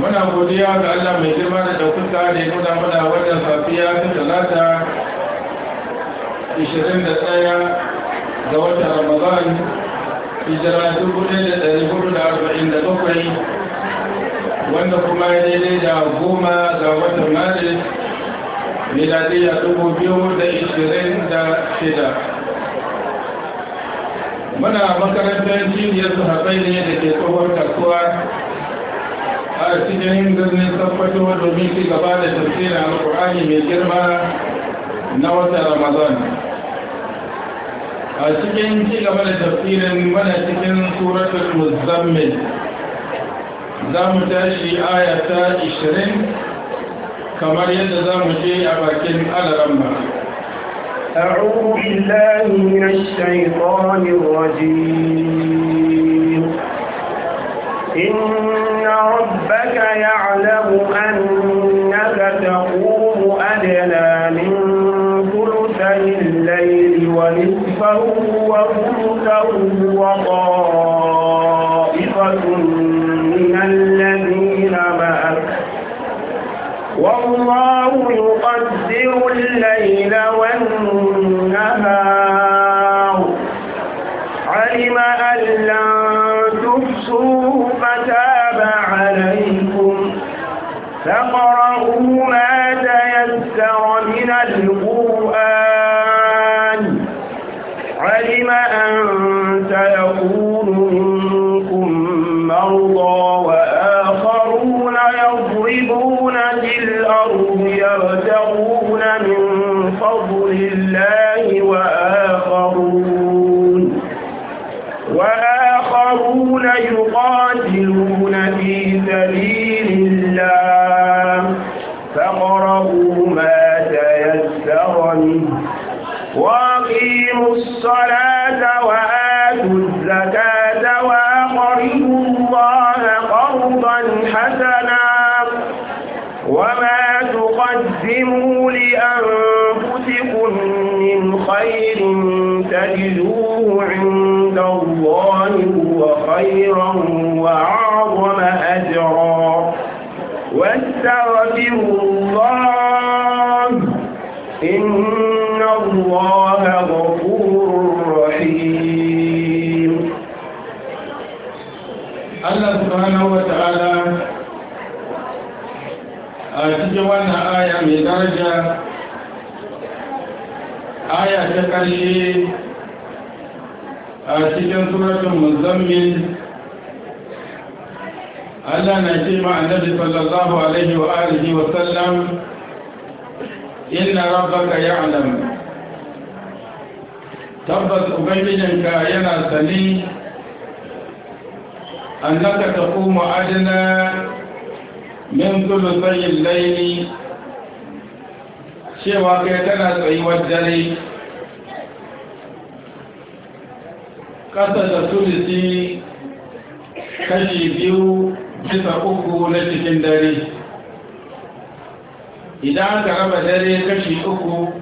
muna godiya ga Allah mai girma da ɗaukuka da ya nuna muna wannan safiya ta talata 21 ga watan ramadan hijira 1447 wanda kuma ya daidai da goma ga watan maris miladiya 2026 muna makarantar jiniyar su haɓai ne da ke tsohon kasuwa a cikin birnin tabbatarwa domin ci gaba da tafsirin alkur'ani mai girma na wata ramadan a cikin ci gaba da tafsirin mana cikin suratul muzammil za mu tashi aya ta 20 kamar yadda za mu je a bakin alaramma أعوذ بالله من الشيطان الرجيم إن ربك يعلم أنك تقوم أدنى من ثلثي الليل ونصفه وثلثه وطائفة من الذين معك والله Allah subhanahu wa ta'ala a cikin wannan aya mai daraja aya ta ƙarshe a cikin suratun muzammin Allah na ce ma annabi sallallahu alaihi wa alihi wa sallam inna rabbaka ya'lam tabbas ubangijinka yana sani أنك تقوم أدنى من ثلثي الليل cewa kai tana tsayuwar dare ƙasa da tulisi kashi biyu bisa uku na cikin dare idan aka raba dare kashi uku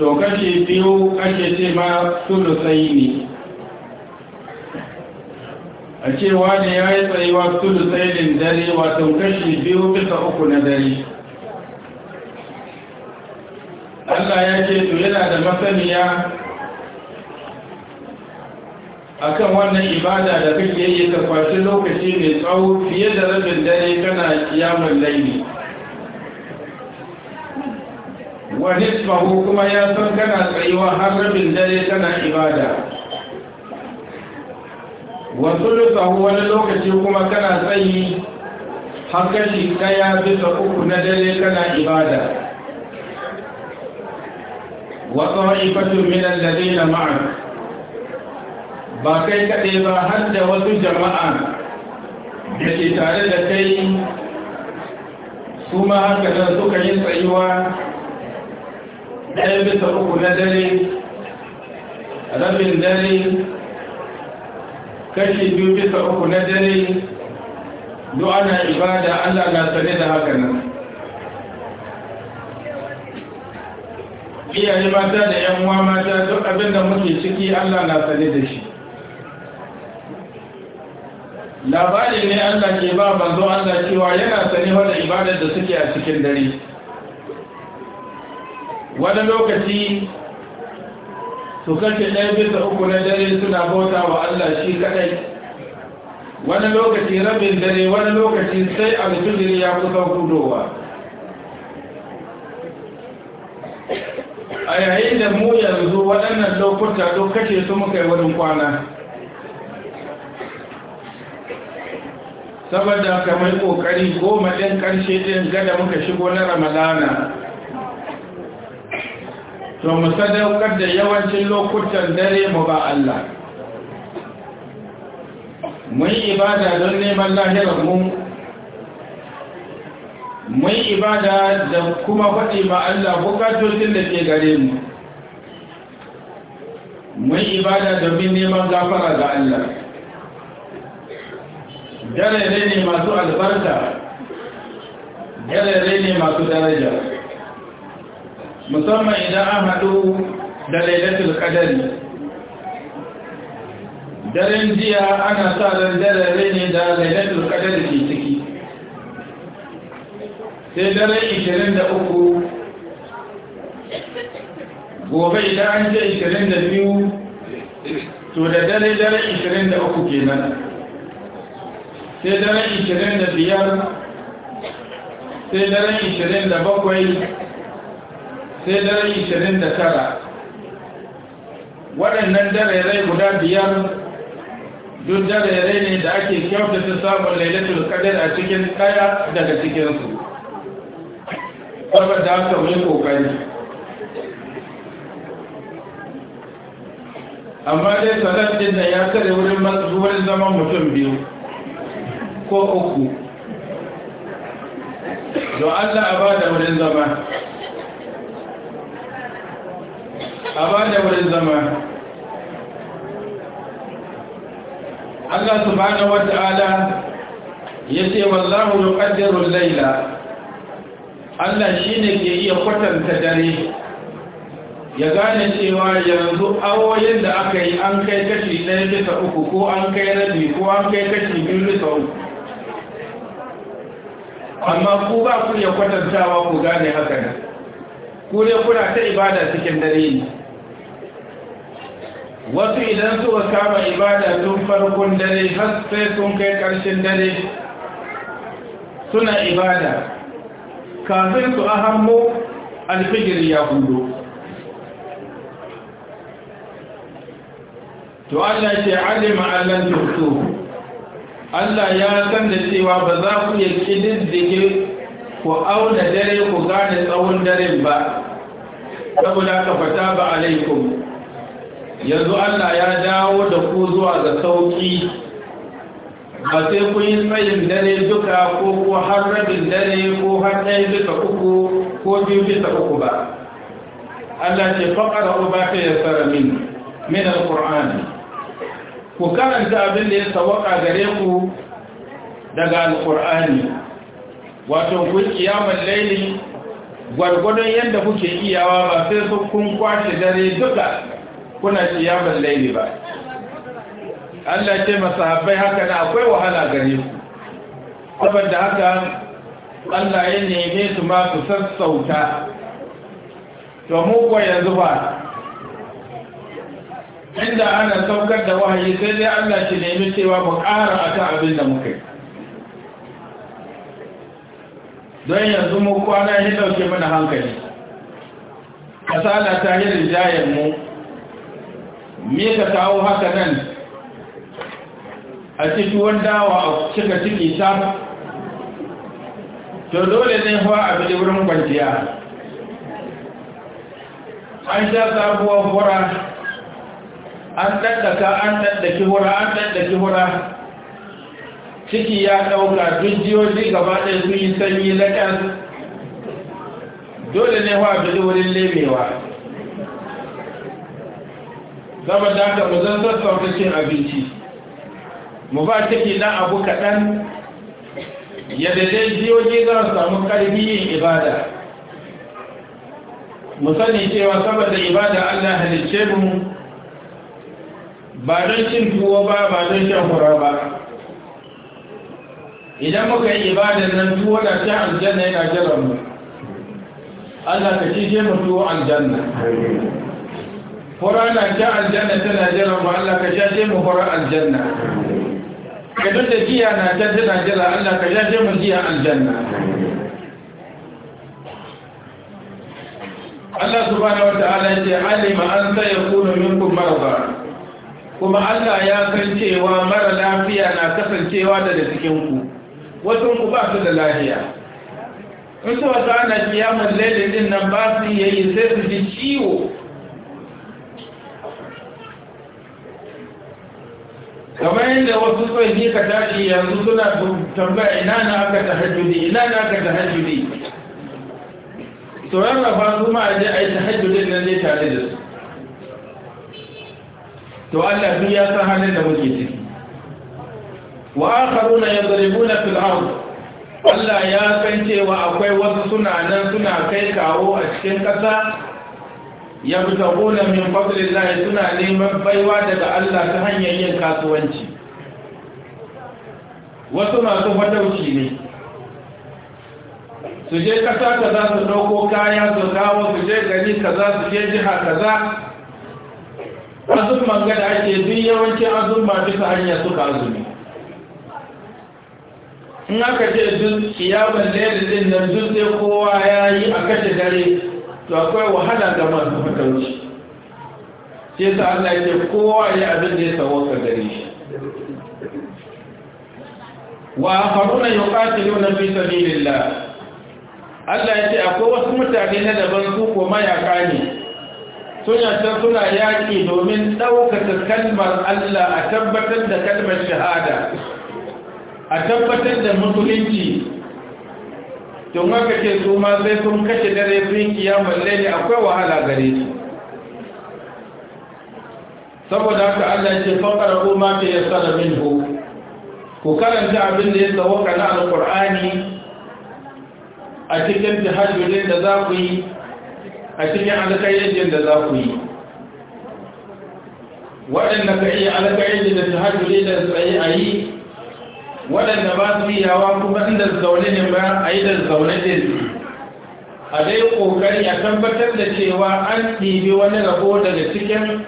to kashi biyu ake ce ma tulusai ne a cewa ne ya yi tsayuwa tudu tsayin dare wato kashi biyu bisa uku na dare allah ya ce to yana da masaniya A kan wannan ibada da kake yi ka kwashi lokaci mai tsawo fiye da rabin dare kana kiyamun laini wa nisfahu kuma ya san kana tsayuwa har rabin dare kana ibada wasu wani lokaci kuma kana tsayi hankali ɗaya bisa uku na dare kana ibada wasu haifatu minan dare ma'a ba kai kaɗai ba har da wasu jama'a da ke tare da kai su ma haka suka yi tsayuwa ɗaya bisa uku na dare rabin dare kashi biyu bisa uku na dare du'a na ibada Allah na sane da haka nan iyaye mata da yan uwa mata duk abin da muke ciki Allah na sane da shi labari ne Allah ke ba manzo Allah cewa yana sane wanda ibadar da suke a cikin dare wani lokaci su kashe ɗaya bisa uku na dare suna bauta wa Allah shi kaɗai wani lokaci rabin dare wani lokaci sai alfijir ya kusa kudowa a yayin da mu yanzu waɗannan lokuta duk kashe su muka yi wurin kwana saboda kamar ƙoƙari goma ɗin ƙarshe ɗin gada muka shigo na ramadana to mu sadaukar da yawancin lokutan dare mu ba Allah mun ibada don neman lahirar mu mun ibada da kuma faɗi ma Allah bukatocin da ke gare mu mun ibada domin neman gafara ga Allah dare ne masu albarka dare ne masu daraja musamman idan an haɗu da laidatul qadari daren jiya ana sa ran dare ne da laidatul qadari ke ciki sai daren 23 gobe idan an ce 22 to da dare daren 23 nan. sai daren 25 sai daren 27 sai dare ishirin da tara waɗannan darerai guda biyar duk rai ne da ake kyautata samun lailatul qadr a cikin kaya daga cikinsu saboda haka mu yi kokari amma dai salat din da ya tsare wurin matsuwar zaman mutum biyu ko uku don Allah a ba da wurin zama a wurin zama Allah subhanahu wata'ala ya ce wallahu yuqaddiru al-laila Allah shine ke iya kwatanta dare ya gane cewa yanzu awoyin da aka yi an kai kashi ɗaya bisa uku ko an kai rabi ko an kai kashi biyu bisa uku amma ku ba ku iya kwatantawa ku gane haka ne ku ne kuna ta ibada cikin dare ne wasu idan suka kama ibada tun farkon dare har sai sun kai ƙarshen dare suna ibada kafin su a ahammo alfijir ya hudu to Allah ce alima allan turtu Allah ya san da cewa ba za ku yi kididdige ku auna dare ku gane tsawon dare ba saboda ka fata ba alaikum yanzu Allah ya dawo da ku zuwa ga sauki ba sai kun yi tsayin dare duka ko ko har rabin dare ko har ɗaya bisa uku ko biyu bisa uku ba Allah ce faƙara ba ta ya min min ku karanta abin da ya sawaka gare ku daga alƙur'ani wato ku kiyamar laili gwargwadon yadda kuke iyawa ba sai kun kwashe dare duka kuna kiyamun laili ba Allah ce masahabbai haka na akwai wahala gare ku saboda haka Allah ya neme su ma su sassauta to mu ko yanzu ba inda ana saukar da wahayi sai dai Allah ki nemi cewa mu ƙara akan abin da muka yi don yanzu mu kwana ya ɗauke mana hankali kasala ta yi rijayen mu me ka kawo haka nan a cikin dawa a cika ciki ta to dole ne fa a bi wurin kwanciya an sha sabuwar hura an ɗaɗɗaka an ɗaɗɗaki hura an ɗaɗɗaki hura ciki ya ɗauka dujiyoyi gaba ɗaya sun yi sanyi na ƙas dole ne fa a bi wurin lemewa saboda haka mu zan sassauta cin abinci mu ba ke na abu kaɗan yadda dai jiyoyi za a samu ƙarfi yin ibada mu sani cewa saboda ibada allah halice mu ba don cin tuwo ba ba don shan fura ba idan muka yi ibadar nan tuwo da shan aljanna yana jiran mu allah ka ci mu tuwo aljanna na ja aljanna tana jiran ba Allah ka je mu horar aljanna kadon da jiya na ta tana jira Allah ka je mu jiya aljanna Allah subhanahu wa ta'ala ya ce alima an sa yakunu minkum marada kuma Allah ya san cewa mara lafiya na kasancewa daga cikinku wasu ku ba su da lafiya in su wata ana kiyamun lailin nan ba su yayi sai su ji ciwo kamar yadda wasu ni ka tashi yanzu suna tambaya ina na aka tahajjudi ina na aka tahajjudi to rafa su ma a je a yi tahajjudin nan ne tare da su to Allah duk ya san halin da muke ciki wa akharuna yadribuna na ard Allah ya san cewa akwai wasu suna nan suna kai kawo a cikin ƙasa. yabtaguna min fadlillahi suna neman baiwa daga Allah ta hanyar yin kasuwanci wasu masu fadauci ne su je kasa za su dauko kaya su kawo su je gari kaza su je jiha kaza azumman gada ake duk yawancin azumma bisa hanyar suka azumi in aka ce duk kiyaman lairin nan duk sai kowa ya yi a kashe dare to akwai wahala ga masu fatauci sai sa Allah ya kowa ya abin da ya ka gare shi wa akharuna yuqatiluna fi sabilillah Allah ya ce akwai wasu mutane na daban su ko mayaka ne sun ta suna yaƙi domin ɗaukaka kalmar Allah a tabbatar da kalmar shahada a tabbatar da musulunci Tun haka ce su ma sai sun kashe dare sun yi kiyamar laili akwai wahala gare su saboda haka Allah ce faƙar ko ma ke yasara minhu ku karanta abin da ya tsawaka na alƙur'ani a cikin jihajjulin da za ku yi a cikin alƙayyajin da za ku yi waɗanda ka iya alƙayyajin da jihajjulin da tsaye a yi waɗanda ba su iyawa kuma inda zaune ne ba a yi da zaune da su a dai ƙoƙari a tabbatar da cewa an ɗibi wani rabo daga cikin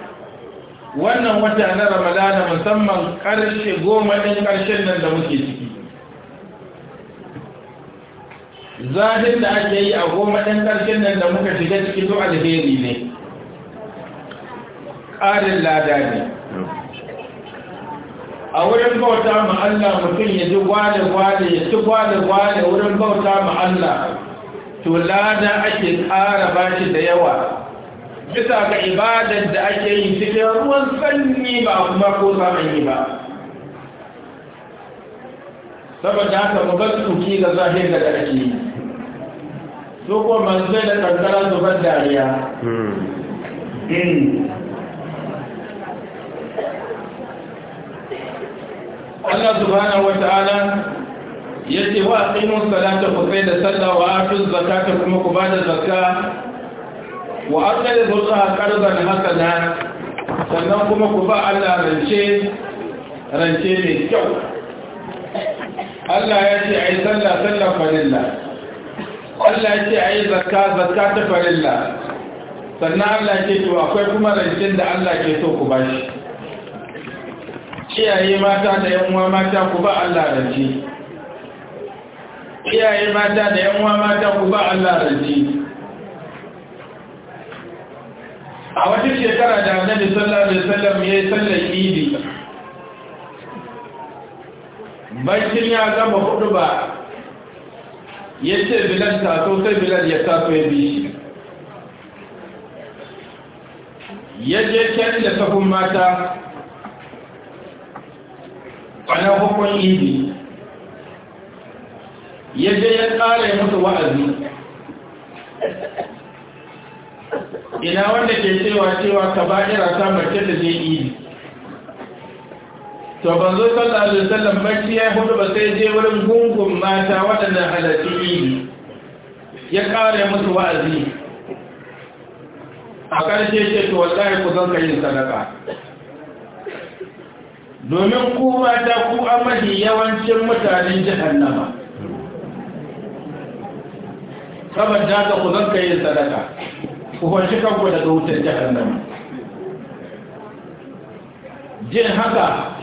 wannan wata na ramadana musamman ƙarshe goma ɗin ƙarshen nan da muke ciki zafin da ake yi a goma ɗin ƙarshen nan da muka shiga ciki to alheri ne ƙarin lada ne a wurin bauta ma Allah mutum ya ji gwale-gwale ya ci gwale-gwale wurin bauta ma Allah to lada ake ƙara bashi da yawa bisa ga ibadar da ake yi cikin ruwan sanyi ba a kuma ko samun yi ba saboda haka mu ga tsuki ga zahir da ake yi so ko manzo da kankara zubar dariya hmm. Hmm. Allah subhanahu wata'ala yace wa aqimu salata ku da sallah wa atu zakata kuma ku bada zakka wa aqridu Allah qardan hasana sannan kuma ku ba Allah rance rance mai kyau Allah ya ce a yi sallah sallah farilla Allah ya ce a yi zakka zakka ta farilla sannan Allah ya ce to akwai kuma rancen da Allah ke so ku bashi Kiyaye mata da yanwa mata ku ba Allah rance kiyaye mata da yanwa mata ku ba Allah rance a wata shekara da annabi sallallahu alaihi wasallam yayi sallar idi bakin ya gama hudu ba ya ce bilal taso sai bilal ya taso ya bi shi ya je can da sahun mata kwanan hukun idi ya je ya tsara ya mutu wa'azi ina wanda ke cewa cewa ka ba'ira ta mace da je idi to ban zo sallallahu alaihi wasallam bacci ya hudu ba sai je wurin gungun mata waɗannan halarci idi ya ƙara ya mutu wa'azi a ƙarshe ce to wallahi ku zan ka yin sadaka domin ku mata ku a mafi yawancin mutanen jahannama saboda haka ku zanka yin sadaka ku kwanci kanku daga wutar jahannama jin haka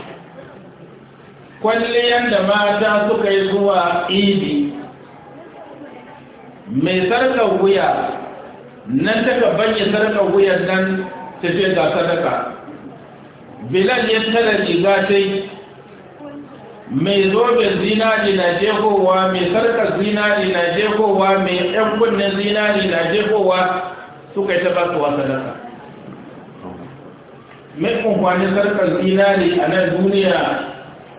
kwalliyar da mata suka yi zuwa ibi mai sarka wuya nan taka bayyana sarka wuyan nan ta ce ga sadaka bilal ya tara riga sai mai zoben zinari na jefowa mai sarkar zinari na jefowa mai yan kunnen zinari na jefowa suka yi ta basu sadaka mai kumfanin sarkar zinari a nan duniya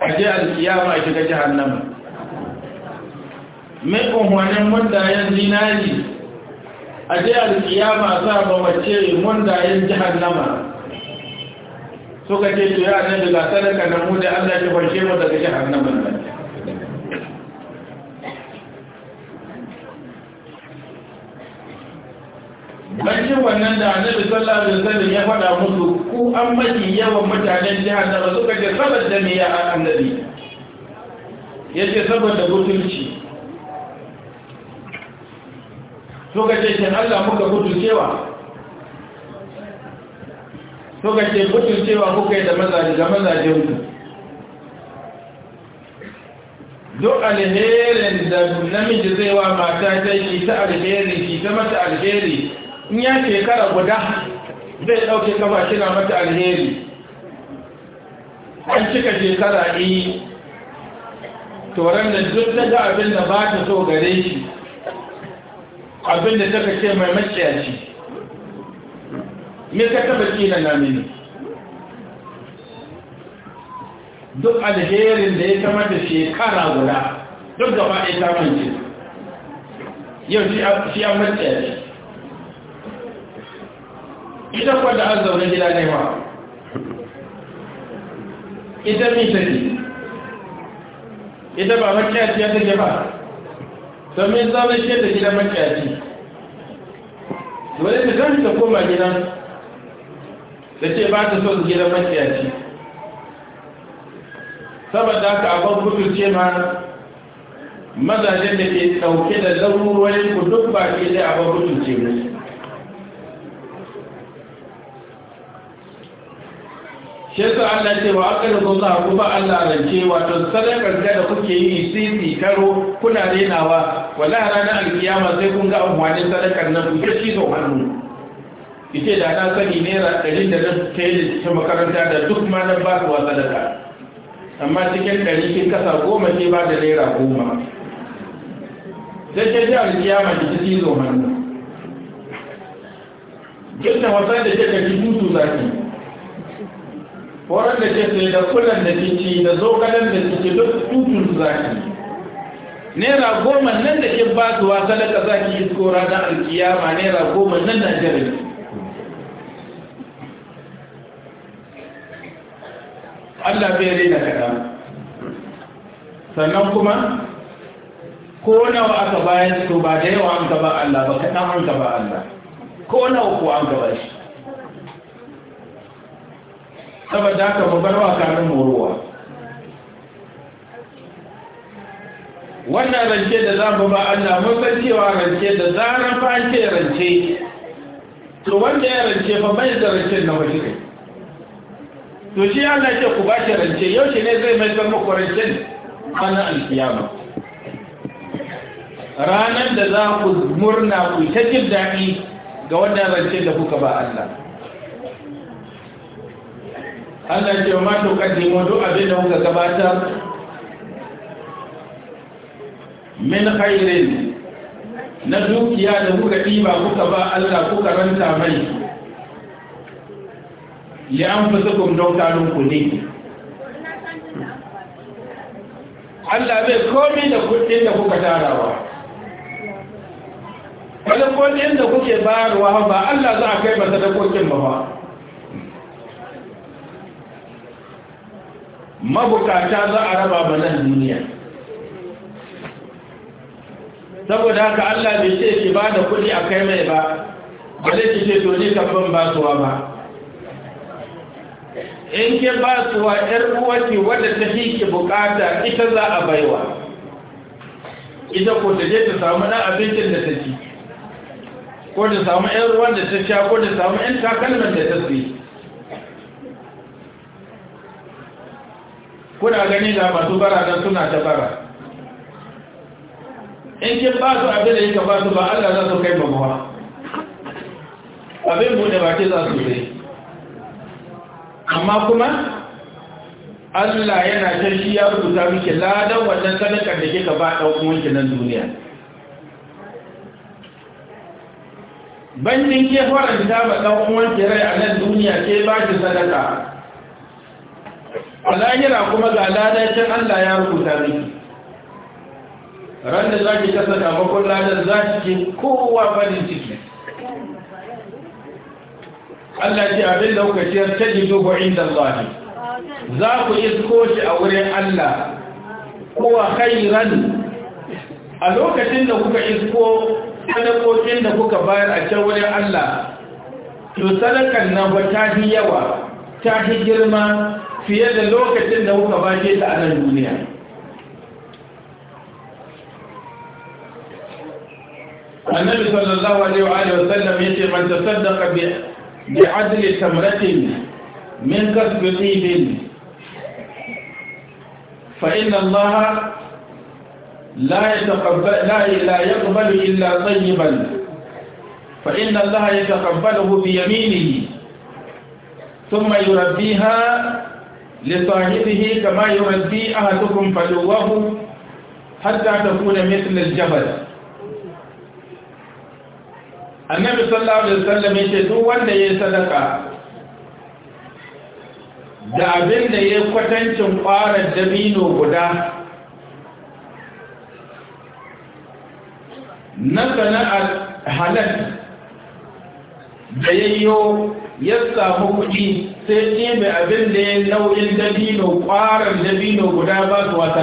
a ji alkiyama a shiga jihannama mai kumfanin mundayen zinari a ji alkiyama sa ba mace mundayen jihannama suka ce to ya ne daga sadaka na mu da Allah ya fashe mu daga jahannama nan bakin wannan da annabi sallallahu alaihi wasallam ya faɗa musu ku an maki yawan mutanen jahannama suka ce da me ya annabi yace saboda butulci suka ce shi Allah muka mutuncewa ga ce mutum cewa kuka yi da mazaje da mazaje ku duk alherin da namiji zai wa mata ta yi ta alheri ki ta mata alheri in ya shekara guda zai ɗauke kafa kina mata alheri an cika shekara yi Toren da duk daga abin da ba ta so gare shi abin da ta ce mai maciyaci me ka taba kina na mini duk alherin da ya kama da shekara guda duk gaba ɗaya ta mance yau shi an mance ne ita kwada an zaune gida ne ma ita mi take ita ba makiyaci ya take ba domin zaune shi da gidan makiyaci dole ta kan ta koma gidan da ce ba ta son gidan maciyaci saboda haka abin kudin ce ma mazajen da ke ɗauke da lauruwarin ku duk ba ke da abin kudin ce musu shi Allah ce wa aka da zuwa ku ba Allah rance wato sadakar da kuke yi sisi karo kuna renawa wala ranar alkiyama sai kun ga amfanin sadakar nan ku shi sau hannu ita da na sani naira ɗari da zan kai ta makaranta da duk ma nan ba su wasa da amma cikin ɗari kin kasa goma ce ba da naira goma zai ta ji alkiyama ki ci cizo hannu duk da wasa da ke kashi hutu za ki horon da ke sai da kulan da ke ci da zogalen da ke duk hutun za ki naira goma nan da ke ba su wasa da ta za ki isko ranar alkiyama naira goma nan na jirage Allah bai rena kaɗa sannan kuma ko nawa aka bayan su ba da yawa an gaba Allah ba kaɗan an gaba Allah ko nawa ko an gaba shi saboda haka babbar wa kanin moruwa wannan rance da za mu ba Allah mun san cewa rance da zarar fa an ce rance to wanda ya rance fa bai da rance na wajen to shi Allah ce ku ba shi rance yau ne zai mai zama ku rancen ana alkiyama ranar da za ku murna ku ta jin daɗi ga wannan rance da kuka ba Allah Allah ce ma to mu do abin da kuka gabata. min khairin na dukiya da kuka ɗiba kuka ba Allah kuka ranta mai li anfusakum don tarun ku ne Allah bai komai da kuɗin da kuka tarawa wani kuɗin da kuke bayarwa ba Allah za a kai ba sadakokin ba ba mabukata za a raba ba nan duniya saboda haka Allah bai ce ki ba da kuɗi a kai mai ba ba zai ce to ne kan ban basuwa ba in ke ba su wa ‘yar uwaki wadda ta fi ki bukata ita za a baiwa ita ko ta je ta samu ɗan abincin da ta ci ko ta samu ‘yan ruwan da ta sha ko ta samu ‘yan takalman da ta tsaye kuna gani da masu bara don suna ta bara in ke ba su abin da ka ba su ba Allah za su kai mamuwa abin buɗe ke za su zai amma kuma Allah yana tashi ya rubuta miki ladan wannan sadakar da kika ba ɗan uwanki nan duniya bankin ke faranta ba ɗan rai a nan duniya ke ba ki sadaka a lahira kuma ga ladacin Allah ya rubuta miki ran da za ki kasa kamakon ladan za ki kowa farin ciki Allah ce abin da kuka ciyar ta ji dubu inda Allah za ku isko shi a wurin Allah ko a khairan a lokacin da kuka isko sadakokin da kuka bayar a can wurin Allah to sadakan nan ba ta fi yawa ta fi girma fiye da lokacin da kuka bashe ta a nan duniya annabi sallallahu alaihi wa sallam yace man tasaddaqa bi بعدل تمرة من كسب طيب فإن الله لا يتقبل لا لا يقبل إلا طيبا فإن الله يتقبله بيمينه ثم يربيها لصاحبه كما يربي أحدكم فلوه حتى تكون مثل الجبل annabi sallallahu alaihi wasallam yace duk wanda yayi sadaka da abin da yayi kwatancin ƙwarar dabino guda na sana'ar halal da yayyo ya samu kuɗi sai ɗebe abin da ya nau'in dabino ƙwarar dabino guda ba su wata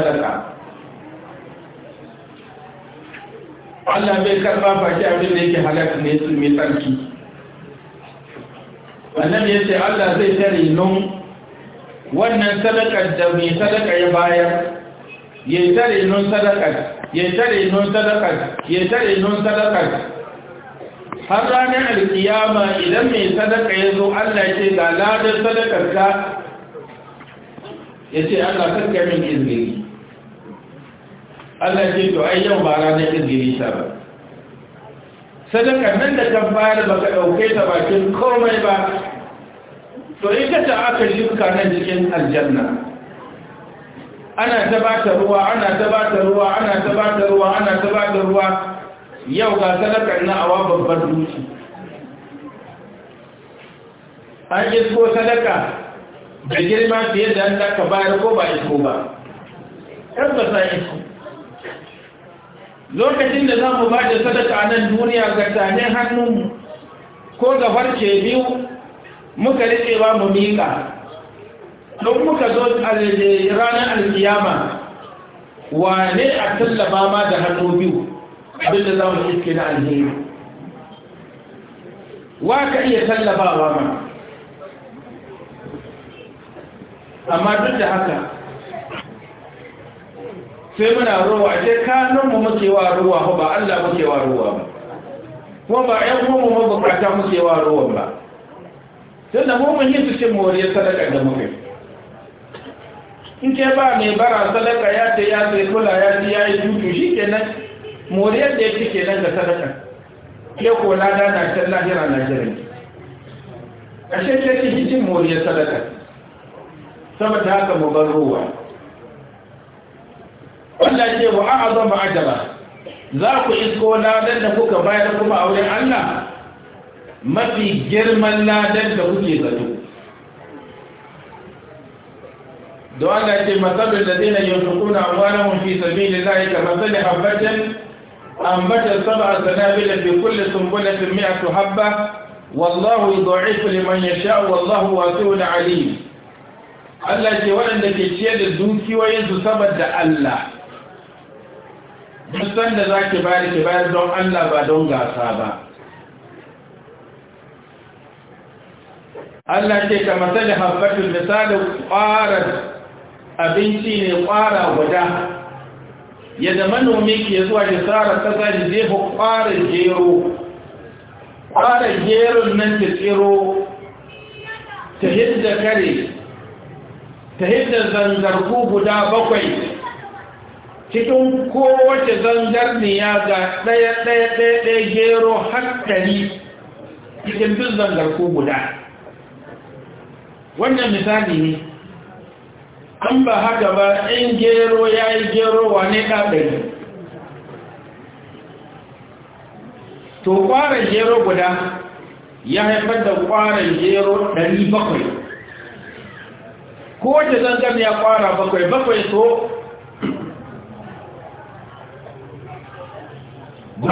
Allah bai karba baki abin da yake halaka ne su mai tsarki wannan ya ce Allah zai tare nun wannan sadakar da mai sadaka ya bayar ya tare nun sadakar ya tare nun sadakar ya tare nun sadakar har ranar alkiyama idan mai sadaka ya zo Allah ce ga ladar sadakar ka ya ce Allah kakkamin izini. Allah ce to ai yau ba ranar ingilisa ba sadakar nan da kan bayar ba ka ɗauke ta bakin komai ba to ita ta aka shirka nan cikin aljanna ana ta ba ta ruwa ana ta ba ta ruwa ana ta ba ta ruwa ana ta ba ta ruwa yau ga sadakar na awa babbar duki an ko sadaka da girma fiye da an ka bayar ko ba isko ba sa isko lokacin da za mu ba da sadaka a nan duniya ga tane hannunmu ko ga farce biyu muka riƙe ba mu miƙa don muka zo ranar alkiyama wane a tallaba ma da hannu biyu abinda za mu iske na alheri wa ka iya tallabawa ma amma duk da haka sai muna ruwa ashe kanun mu muke wa ruwa ba Allah muke wa ruwa ba kuma ba ƴan mu mu bukata muke wa ruwa ba sai da mu mun yi su cin moriyar sadaka da muke in ke ba mai bara sadaka ya ce ya sai kula ya ji ya yi tutu shi kenan moriyar da ya ci kenan da sadaka ke ko lada na can lahira na jira ashe ke ci cin moriyar sadaka saboda haka mu bar ruwa Allah ce wa a'azama ajra za ku isko ladan da kuka bayar kuma a wurin Allah mafi girman ladan da kuke zato da wanda ce matsalar da zina yin sukuna amwanan fi sabi da za a yi kamar habbatin ambatar saba a sanabi da fi kulle sumbula fi miya su habba wallahu yi liman ya sha wallahu wasu da alim Allah ce waɗanda ke ciyar da dukiyoyinsu saboda Allah duk sanda za ki bayar ki bayar don Allah ba don gasa ba Allah ce ka masa da haɓɓatun misalin ƙwarar abinci ne ƙwara guda yadda manomi ke zuwa da tsara ƙasa da jefa ƙwarar gero ƙwarar geron nan ta tsiro ta hidda kare ta hidda zangarku guda bakwai cikin kowace ya ga ɗaya ɗaya ɗaya ɗaya gero hankali cikin duk ko guda wannan misali ne an ba haka ba in gero ya yi gero wane ɗaɗari to ƙwarar gero guda ya haifar da ƙwarar gero ɗari bakwai kowace ya ƙwara bakwai bakwai so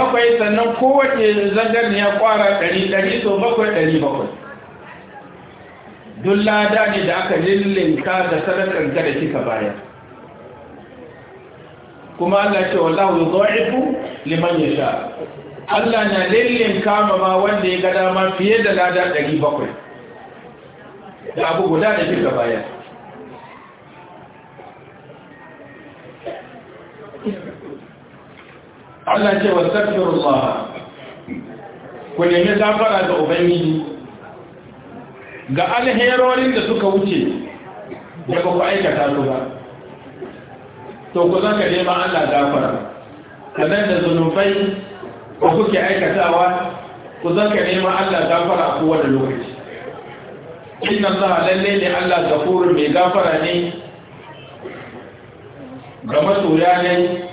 bakwai sannan kowace ya kwara ɗari ɗari so bakwai ɗari bakwai duk lada ne da aka lillinka da sadakar da kika bayan. kuma Allah ce wallahu yudha'ifu liman ya sha." Allah na lillinka ma ma wanda ya ga dama fiye da lada ɗari bakwai. da abu guda da kika bayan. Allah ce wa astaghfirullah ku nemi gafara ga ubangiji ga alherorin da suka wuce da ba ku aikata su ba to ku zaka nema Allah gafara kamar da zunubai ba kuke aikatawa ku zaka nema Allah gafara a kowane lokaci inna Allah lalle ne Allah gafuru mai gafara ne ga masoya ne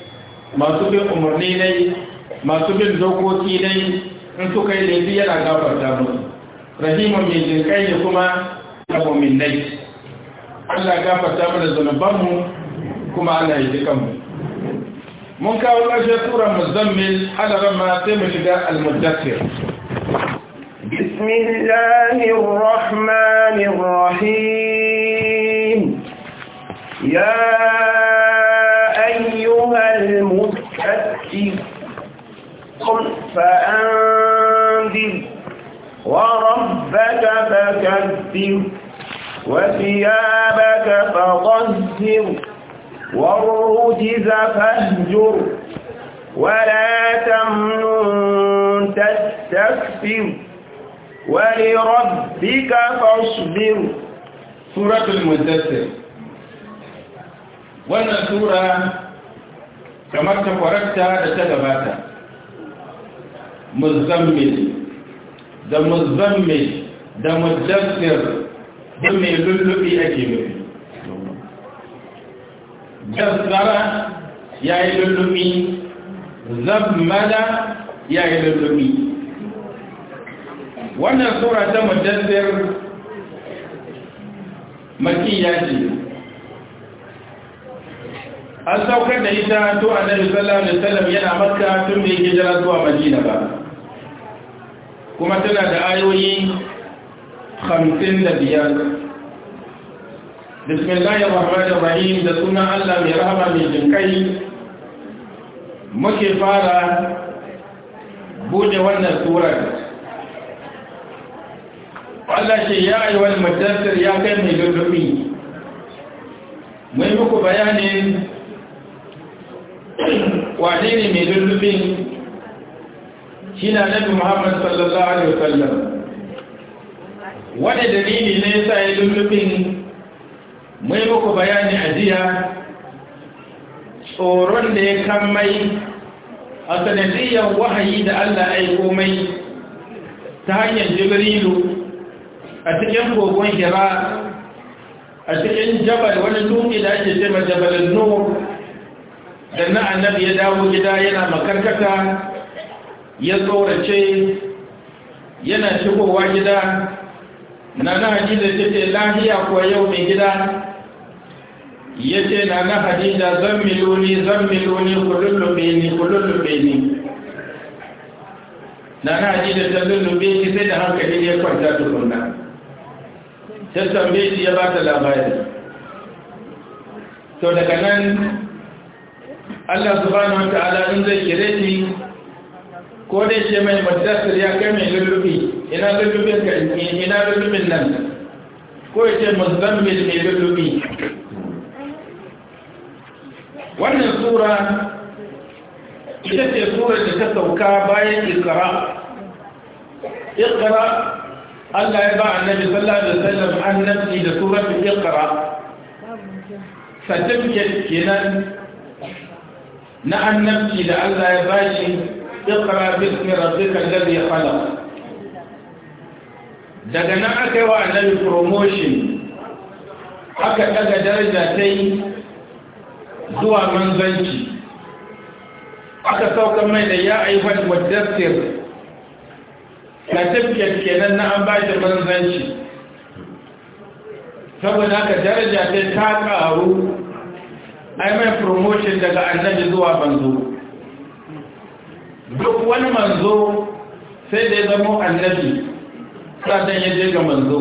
masu bin umarni ne masu bin dokoki ne in suka yi laifi yana gafarta mu rahimun mai jinkai ne kuma da muminai Allah gafarta mu mana zunubanmu kuma Allah ya ji kanmu mun kawo ƙarshe turan muzammil halaran ma sai mu shiga almuddassir بسم الله الرحمن الرحيم يا فأنذر وربك فكذب وثيابك فطهر والرجز فاهجر ولا تمن تستكثر ولربك فاصبر سورة المدثر وانا سورة كما ta kwararta muzammil da muzammil da mudassir da mai lullubi ake nufi gassara ya yi lullubi zammala ya yi lullubi wannan sura ta mudassir makiya ce an saukar da ita to nan sallallahu da Salam yana makka tun bai jira zuwa madina ba kuma tana da ayoyi 55 bismillahir rahmanir rahim da sunan Allah mai rahama mai jinkai muke fara bude wannan surar Allah ce ya wani mudaththir ya kai mai gaggabi mai muku bayanin wane ne mai lullubin shi na nabi muhammad sallallahu alaihi wasallam Wani dalili ne ya sa ya lullubin mai muku bayani a jiya tsoron da ya kan mai a sanadiyar wahayi da allah aiko mai ta hanyar jibrilu a cikin kogon hira a cikin jabal wani tuki da ake ce ma jabalin nuhu sannan annabi ya dawo gida yana makarkata ya tsorace yana shigowa gida na na hadida ta ce lahiya kuwa yau mai gida ya ce na na hadida zan miloni zan miloni kulullube ni kulullube ni na na hadida ta lullube ni sai da hankali ya kwanta tukunna ta tambaye ya ba ta labari to daga nan Allah subhanahu wata'ala in zai kire shi ko dai ce mai mutasir ya kai mai lullubi ina lullubin ka ina lullubin nan ko ya ce muzammil mai lullubi wannan sura ita ce sura da ta sauka bayan ikra ikra Allah ya ba annabi sallallahu alaihi wasallam annabi da suratul iqra certificate kenan na annabci da Allah ya bashi iqra bismi rabbika alladhi khalaq daga nan aka wa annabi promotion aka daga daraja ta yi zuwa manzanci aka sauka mai da ya aifan wadassir certificate kenan na an bashi manzanci saboda aka daraja ta ta karu ai mai promotion daga annabi zuwa manzo duk wani manzo sai da ya zama annabi satan ya je ga manzo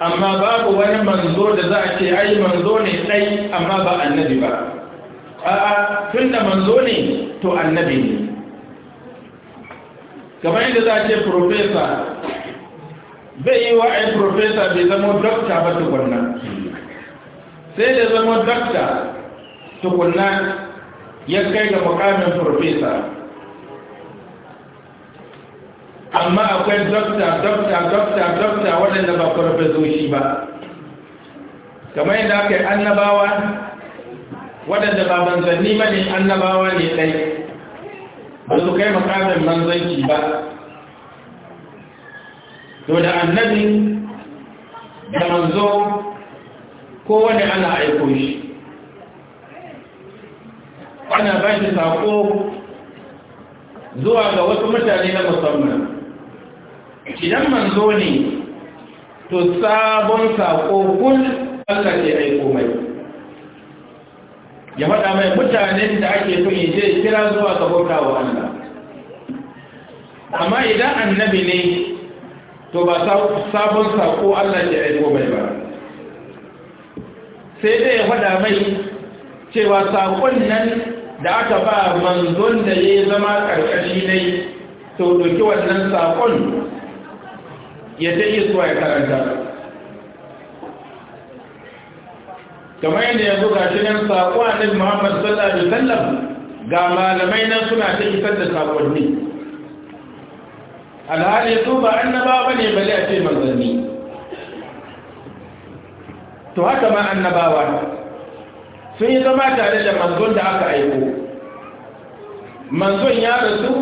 amma babu wani manzo da za a ce ai manzo ne ɗai amma ba annabi ba a'a tun da manzo ne to annabi ne kamar yadda za a ce profesa bai yi wa ai profesa bai zama doctor ba tukwanna sai da zama dakta tukunna ya kai ga mukamin farfesa amma akwai dokta dokta dokta dokta waɗanda ba farfesoshi ba kamar yadda aka yi annabawa waɗanda ba manzanni ba ne annabawa ne ɗai ba su kai mukamin manzanci ba to da annabi da manzo kowane ana aiko shi ana ba shi saƙo zuwa ga wasu mutane na musamman idan manzo ne to sabon saƙo kun Allah ke aiko mai ya faɗa mai mutanen da ake so in je kira zuwa ga bauta Allah amma idan annabi ne to ba sabon saƙo Allah ke aiko mai ba sai dai ya faɗa mai cewa saƙon nan da aka ba manzon da ya zama ƙarƙashi ne to doki wannan saƙon ya ta iya suwa ya karanta kamar yadda ya buga gashi nan saƙo a nan muhammad sallallahu alaihi ga malamai nan suna ta isar da saƙonni alhali su ba annaba ba ne bale a ce manzanni to haka ma annabawa sun yi zama tare da manzon da aka aiko manzon ya rasu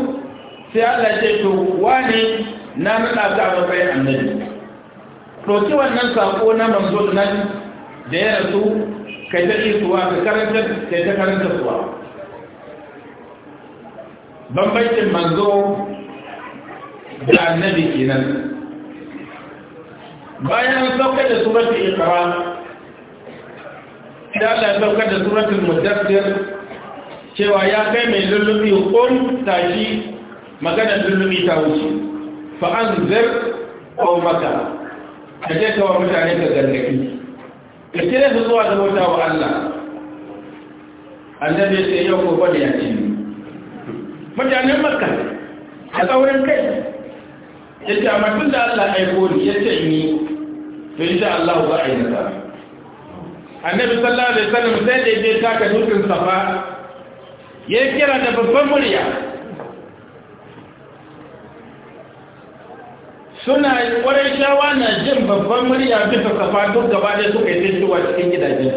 sai Allah ce to wane na nada ka a matsayin annabi ɗauki wannan sako na manzon nan da ya rasu kai ta isuwa ka karanta kai ta karanta suwa bambancin manzo da annabi kenan bayan sauka da su mafi iqra sai Allah ya saukar da suratul mudaththir cewa ya kai mai lullubi kun tashi maganar lullubi ta wuce fa anzir aw maka ka je ka wa mutane ka gargadi ka kira su zuwa da wata wa Allah annabi sai yau ko bane ya ci mutanen makka a tsaurin kai ya ce amma tun da Allah aiko ni ya ce ni to insha Allah za a yi nasara annabi sallallahu alaihi wasallam sai da yake taka dutsen safa ya kira da babban murya suna kwarai shawa na jin babban murya bisa safa duk gaba da suka yi tuntuwa cikin gidaje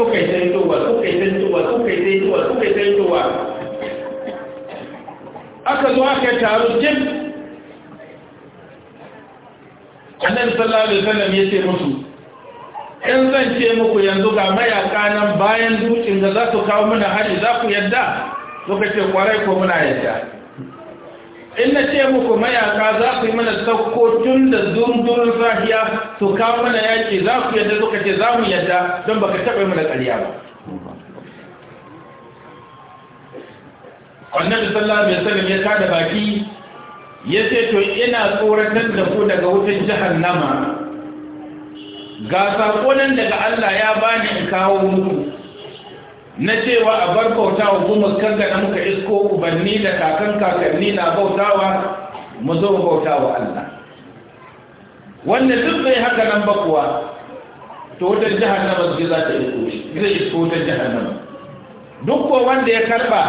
suka yi tuntuwa suka yi tuntuwa suka yi tuntuwa suka yi tuntuwa aka zo aka taru jin annabi sallallahu alaihi wasallam ya ce musu in zan ce muku yanzu ga mayaka nan bayan dutsen da za su kawo muna hari za ku yadda suka ce kwarai ko muna yadda in na ce muku mayaka za ku yi mana sauko tun da zundurin sahiya su kawo mana yaƙi za ku yadda suka ce za mu yadda don baka taɓa yi mana ƙarya ba annabi sallallahu mai wasallam ya kada baki ya ce to ina tsoratar da ku daga wutan nama. ga sakonan daga Allah ya bani in kawo muku na cewa a bar bautawa kuma kangana muka isko ubanni da kakan kakanni na bautawa mu zo bautawa Allah wannan duk zai haka nan ba kuwa to wutar jahannama zai za ta isko shi zai isko wutar jahannama duk ko wanda ya karba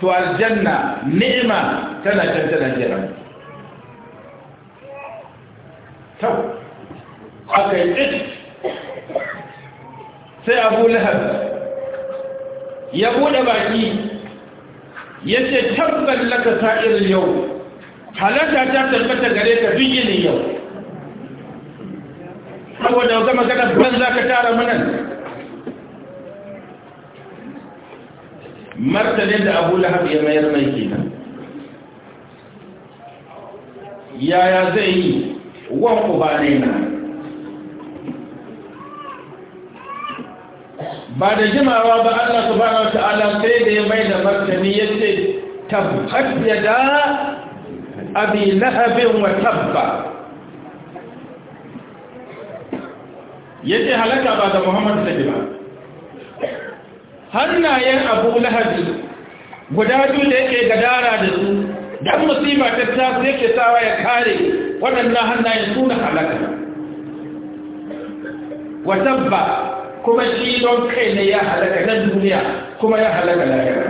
to aljanna ni'ima tana can tana jiran tau aka ɗin sai abu lahar ya buɗe baki ya ce tabbar laka sa'ir yau halatta ta tabbata gare ta biyinin yau saboda zama gada ban za ka tara manan martanin da abu lahab ya mayar mai kenan yaya zai yi wanku uba ne na ba da jimawa ba Allah subhanahu ala sai da ya mai da martani ya ce tabbat ya da abi lahabin wa tabba ya ce halaka ba da muhammadu da ba hannayen abu lahabi guda biyu da yake gadara da su dan musiba ta su yake sawa ya kare waɗannan hannayen suna halaka wa tabba kuma shi don kai ne ya halaka na duniya kuma ya halaka lahira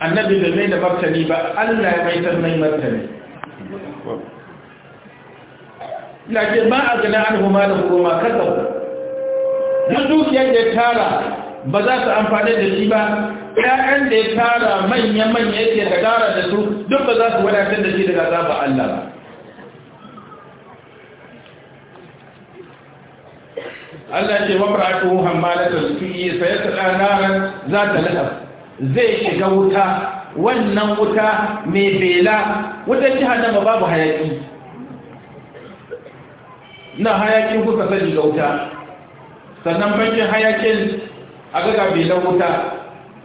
annabi da mai da martani ba allah ya mai mai martani lakin ba a gina an huma da hukuma kasar na dukiyar da ya tara ba za su amfani da shi ba ya'yan da ya tara manya-manya yake da gara da su duk ba za su wadatar da shi daga zaba allah ba Allah ce mafaratu hammalatul fi'i sayasqa za ta lahab zai shiga wuta wannan wuta mai bela wutar jahannama babu hayaki na hayakin kusa sani ga wuta sannan bankin hayakin a gaga belan wuta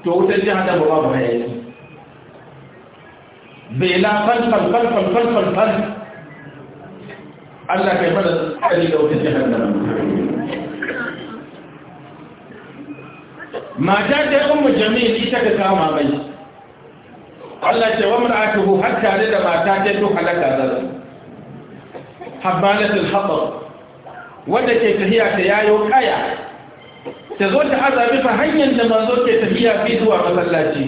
to wutar jahannama babu hayaki bela fal fal fal fal Allah kai fara tsari da wutar jahannama mata dai ummu jamil ita ka kama mai Allah ce wa mar'atuhu har tare da mata ta to halaka zara habbalatul hatab wanda ke tahiya ta yayo kaya ta zo ta azabi fa hanyar da manzo ke tahiya bi zuwa masallaci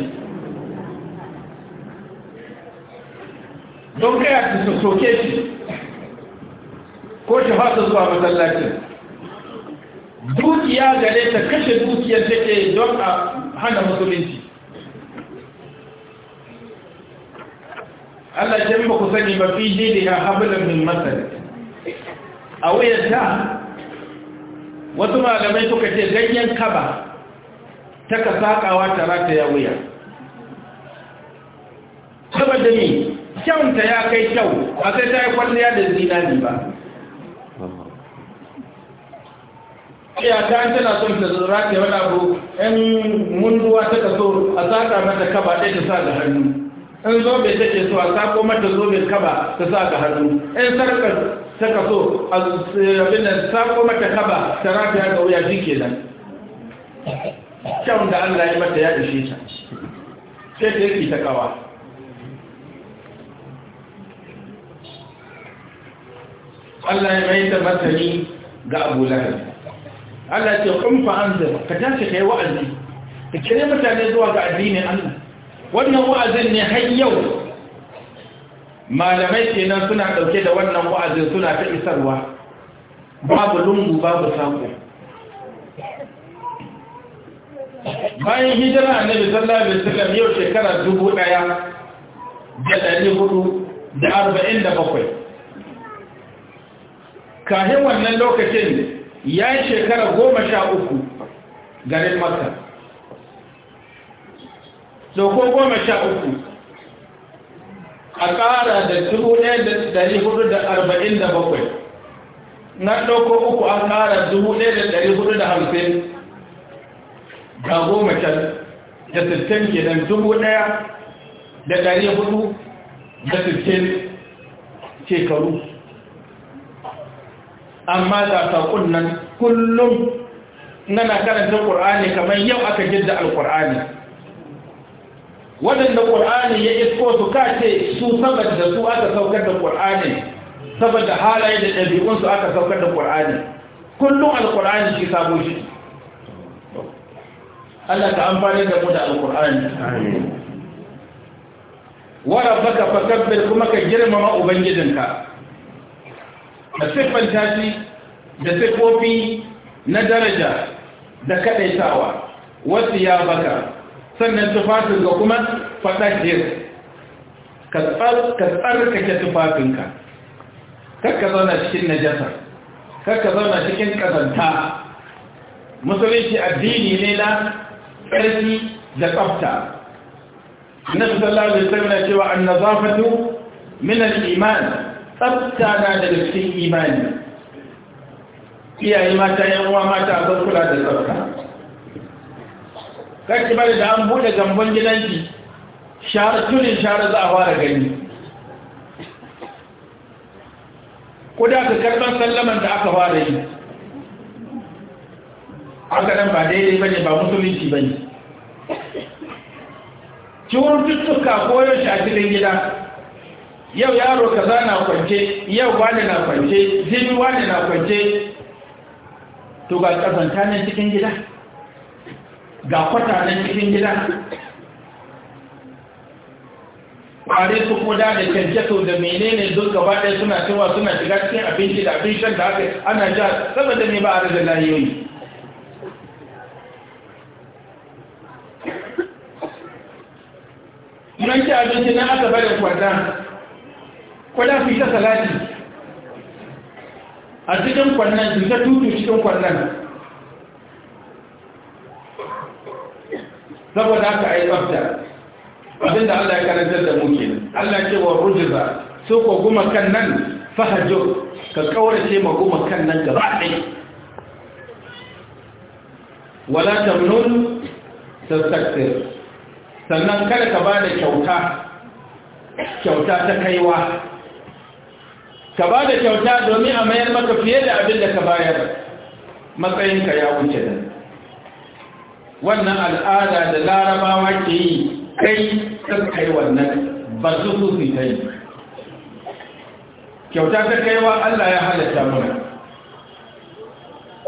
don kaya ta soke shi ko ta fasa zuwa masallacin dukiya gare ta kashe dukiyar take don a hana musulunci Allah ya ba ku sani ba fi jini na habulan min masar a ta, wasu malamai suka ce ganyen kaba ta ka tara ta ya wuya saboda ne kyauta ya kai kyau a sai ta yi kwalliya da zinani ba iya ta an tana son ta zura ta wani abu yan munduwa ta kaso a saka mata kaba ɗaya ta sa ga hannu in zobe take so a sako mata zobe kaba ta sa ga hannu in sarka ta kaso a abin da sako mata kaba ta rafiya ga wuya shi ke nan kyan da allah ya mata ya ishe ta sai ta yake ta kawa Allah ya mai da ni ga Abu Lahab Allah ce kun fa zama ka tashi kai wa'azi ka kire mutane zuwa ga addini Allah wannan wa'azin ne har yau malamai kenan suna dauke da wannan wa'azin suna ta isarwa babu lungu babu sako bayan hijira annabi sallallahu alaihi wasallam yau shekara dubu da ɗari da arba'in da kahin wannan lokacin ya yi shekara goma sha uku garin maka ko goma sha uku a kara da dubu ɗaya da hudu da arba'in da bakwai na ɗauko uku a kara dubu ɗaya da ɗari hudu da hamsin ga goma can da sittin nan dubu ɗaya da ɗari hudu da sittin shekaru amma da saƙon nan kullum nana karanta ƙur'ani kamar yau aka jidda alƙur'ani waɗanda ƙur'ani ya isko su kace su saboda su aka saukar da ƙur'ani saboda halaye da ɗabi'unsu aka saukar da ƙur'ani kullum alƙur'ani shi sabo shi Allah ka amfani da mu da alƙur'ani wa rabbaka fakabbir kuma ka girmama ubangijinka a siffanta shi da siffofi na daraja da kaɗaitawa wasu ya baka sannan tufafinka kuma faɗaɗe ka tsarkake tufafinka kakka zauna cikin najasa kakka zauna cikin ƙazanta musulunci addini ne na tsarki da tsafta na sallallahu alaihi cewa annazafatu min al-iman tsafta na daga cikin imani iyaye mata yan uwa mata a kula da tsabta. kashi bari da an bude gambon gidanki shahar tunin shara za a fara gani ko da ka karɓar sallaman da aka fara yi haka nan ba daidai bane ba musulunci bane ciwon tuttuka ko yaushe a cikin gida yau yaro kaza na kwance yau wani na kwance jini wani na kwance to ga kazanta nan cikin gida ga kwata nan cikin gida ƙwari su kuda da canjato da menene duk gaba ɗaya suna cewa suna shiga cikin abinci da abin shan da aka ana ja saboda ne ba a rage layoyi Mun ci abinci na aka bada kwata ko da su ta salati a cikin kwannan su ta tutu cikin kwannan saboda haka a yi tsafta abinda Allah ya karantar da muke Allah ce wa rujiza su ko guma kan nan fahajo ka kaurace ma guma kan nan gaba ɗaya wala ta tamnun tattaktir sannan kada ka ba da kyauta kyauta ta kaiwa ka ba da kyauta domin a mayar maka fiye da abin da ka bayar matsayinka ya wuce da wannan al'ada da larabawa ke yi kai sun kai wannan ba su su su ta yi kyauta ta kaiwa allah ya halatta mana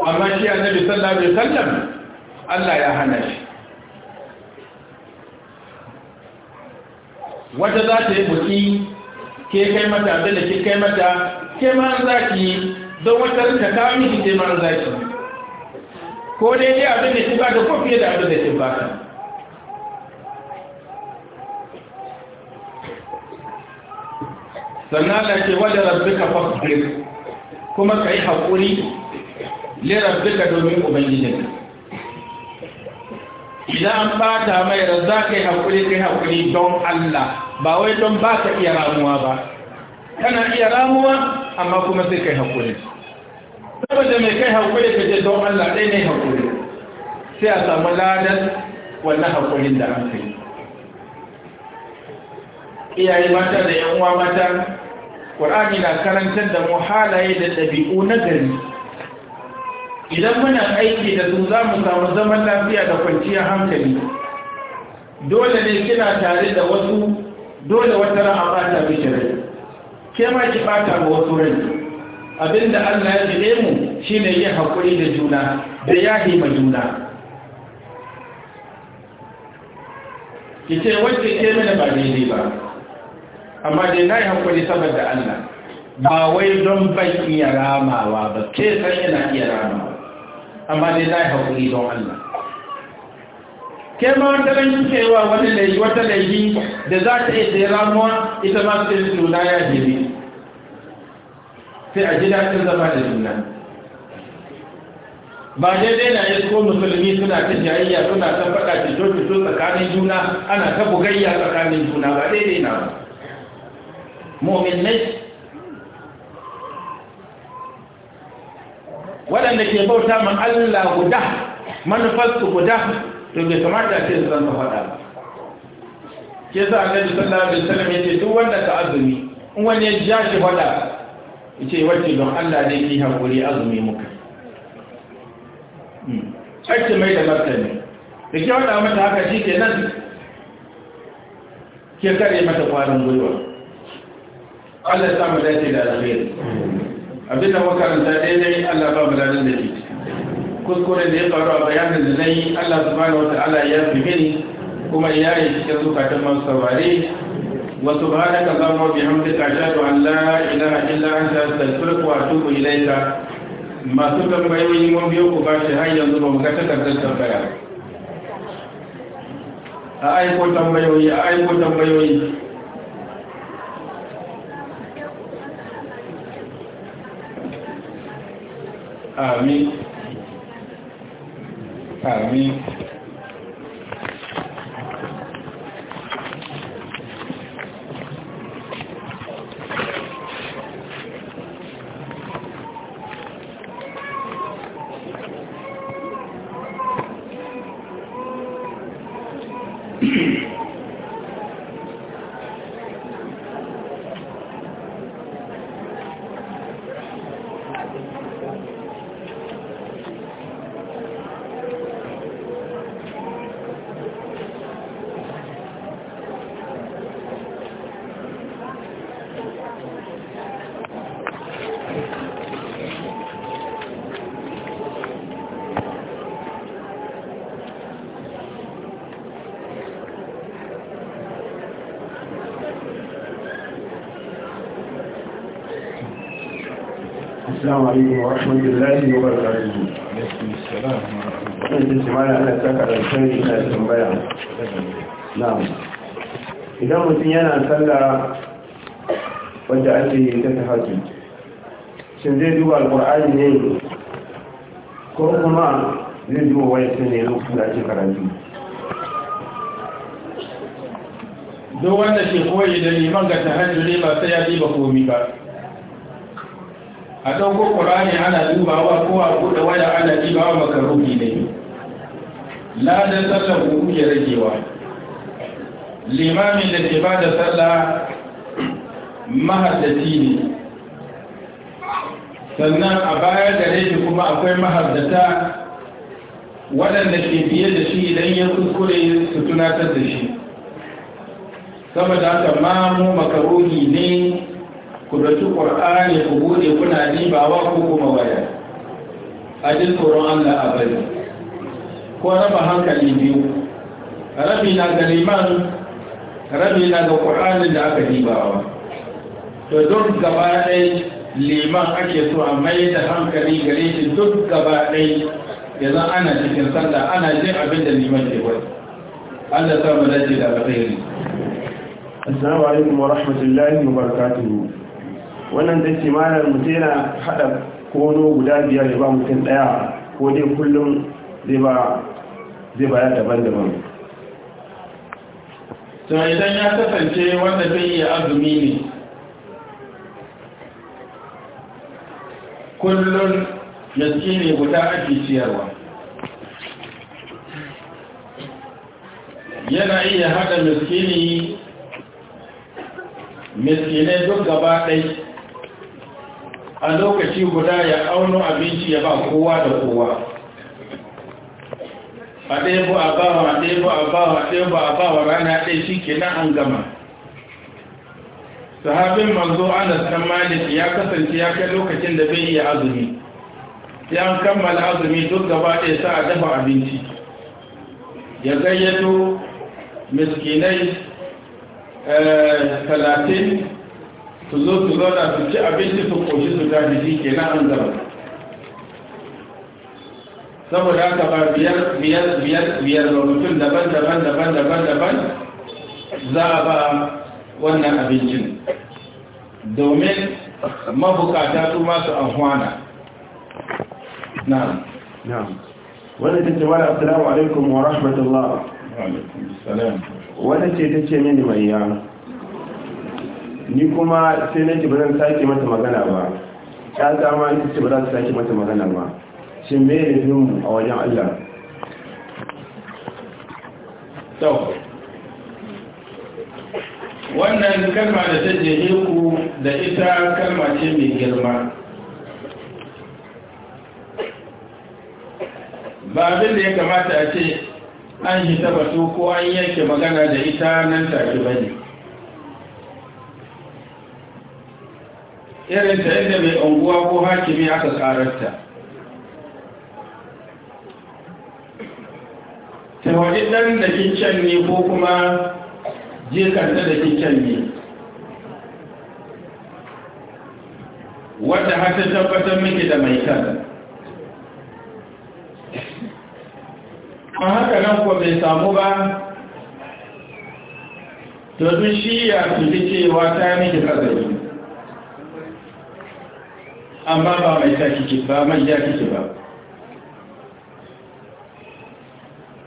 amma shi a nabi sallallahu mai allah ya hana shi wata za ta yi buki ke kai mata abinda ke kai mata ke ma za ki don wata ta kawo ke ma za ki ko dai dai abinda ke ba da ko fiye da abinda ki ba ka sannan da ke wajen rabbika fa kuma ka yi haƙuri le rabbika domin ubangijinka idan an ta mai razza kai haƙuri kai haƙuri don Allah ba wai don ba ka iya ramuwa ba kana iya ramuwa amma kuma sai kai haƙuri saboda mai kai haƙuri ka je don Allah ɗaya ne haƙuri sai a samu ladan wannan haƙurin da aka yi iyaye mata da yan uwa mata ƙur'ani na karantar da mu halaye da ɗabi'u na gari idan muna aiki da su za mu samu zaman lafiya da kwanciyar hankali dole ne kina tare da wasu dole wata ra'a bata bi rai ke ma ki bata ma wasu rai abinda Allah ya jire mu shine yin hakuri da juna da yahi ma juna kice ce wacce ke mene ba daidai ba amma dai na yi hakuri saboda Allah ba wai don ban iya ramawa ba ke san yana iya ramawa amma dai na yi hakuri don Allah ke ma wata ran cewa wani laifi wata laifi da za ta iya tsaye ramuwa ita ma su yi suna ya jiri sai a ji daɗin zama da juna ba daidai na yi ko musulmi suna ta jayayya suna ta faɗa fito-fito tsakanin juna ana ta bugayya tsakanin juna ba daidai na ba mu'minai waɗanda ke bauta ma Allah guda manufarsu guda to bai kamata ce zan ka faɗa ba ke a annabi sallallahu alaihi wasallam ce tun wanda ka azumi in wani ya ja shi faɗa ce wacce don Allah ne ki hakuri azumi muka hmm. ake mai da martani da ke wanda mata haka shi ke nan ke kare mata kwanan gwiwa Allah ya samu dace da alheri abinda makaranta daidai Allah ba mu da nan da shi kuskure da ya faru a bayanin da na yi allah subhanahu wa ta'ala ya fi mini kuma ya yi cikin zukatan masu saurare wa subhanaka allahumma bihamdika ashhadu an la ilaha illa anta astaghfiruka wa atubu ilaika masu tambayoyi mun biyo ku bashi har yanzu ba mu ga takardar tambaya a aiko tambayoyi a aiko tambayoyi Amin. Amin. السلام عليكم ورحمة الله وبركاته عليكم ورحمة الله أنا سكر الخير إلى الزنبايا نعم إذا القرآن نين duk wanda ke koyi da liman ga tahajjudi ba sai ya diba komi ba a ɗauko ƙurani ana dubawa ko a buɗe waya ana dibawa makaruhi ne ladan sallar ku ke ragewa limamin da ke ba da sallah mahaddaci ne sannan a baya gare shi kuma akwai mahaddata waɗanda ke biye da shi idan ya kuskure su tunatar da shi saboda haka mu makaruhi ne ku dauki qur'ani ku buɗe kuna ribawa ko kuma waya A ajin tsoron Allah a bari ko raba hankali biyu rabi na ga liman rabi na ga qur'anin da aka ribawa. to duk gaba ɗaya liman ake so a mai da hankali gare shi duk gaba ɗaya yanzu ana cikin sanda ana jin abin da liman ke wani Allah samu dace da alkhairi assalamu alaikum wa rahmatullahi wa barakatuhu wannan zai ce malar mutum yana haɗa kono guda biyar ya ba mutum ɗaya ko dai kullum zai ba ya daban-daban to idan ya kasance wanda zai yi azumi ne kullum yanki ne guda ake ciyarwa yana iya haɗa miskini miskinai duk gaba ɗai a lokaci guda ya auno abinci ya ba kowa da kowa a bu a bawa a bu a bawa a bu a bawa rana ɗaya shi ke na an gama sahabin manzo anas san malik ya kasance ya kai lokacin da bai iya azumi ya kammala azumi duk gaba ɗaya sa a dafa abinci ya gayyato miskinai eh, talatin su zo su zauna su ci abinci su koshi su gani shi ke na an zama saboda haka ba biyar biyar biyar biyar ba mutum daban daban daban daban daban za a ba wannan abincin domin mabukata su masu amfana na na'am wadda ta ce wadda assalamu alaikum wa rahmatullah wadda ce ta ce mini mai yana ni kuma sai na ce ba sake mata magana ba ta dama ni ce ba za ta sake mata magana ba shi me ne mu a wajen Allah to wannan kalma da ta jeje ku da ita kalma ce mai girma ba abin da ya kamata a ce an shi tabbatu ko an yanke magana da ita nan take bane irin ta inda mai unguwa ko hakimi aka tsararta waɗi ɗan da kincen ne ko kuma jikanta da kincen ne wadda haka tabbatar miki da mai kan a haka nan kuwa bai samu ba to duk shi ya fi cewa ta miki kazari amma ba mai sa kike ba mai ja kike ba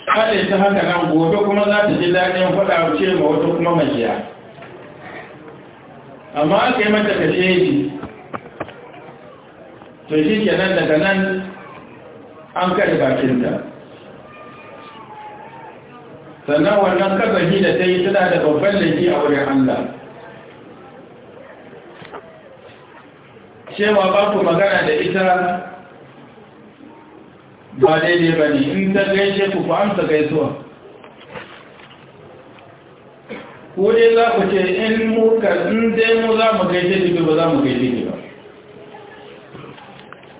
kada ta haka nan gobe kuma za ta ji daɗin faɗa ce ma wata kuma mai ja amma aka yi mata kashe yi to shi nan daga nan an kare bakinta sannan wannan kazahi da ta yi tana da babban laifi a wurin Allah cewa ba ku magana da ita ba daidai ba ne in ta gaishe ku ku amsa gaisuwa ko dai za ku ce in muka in dai mu za mu gaishe jibi ba za mu gaishe ki ba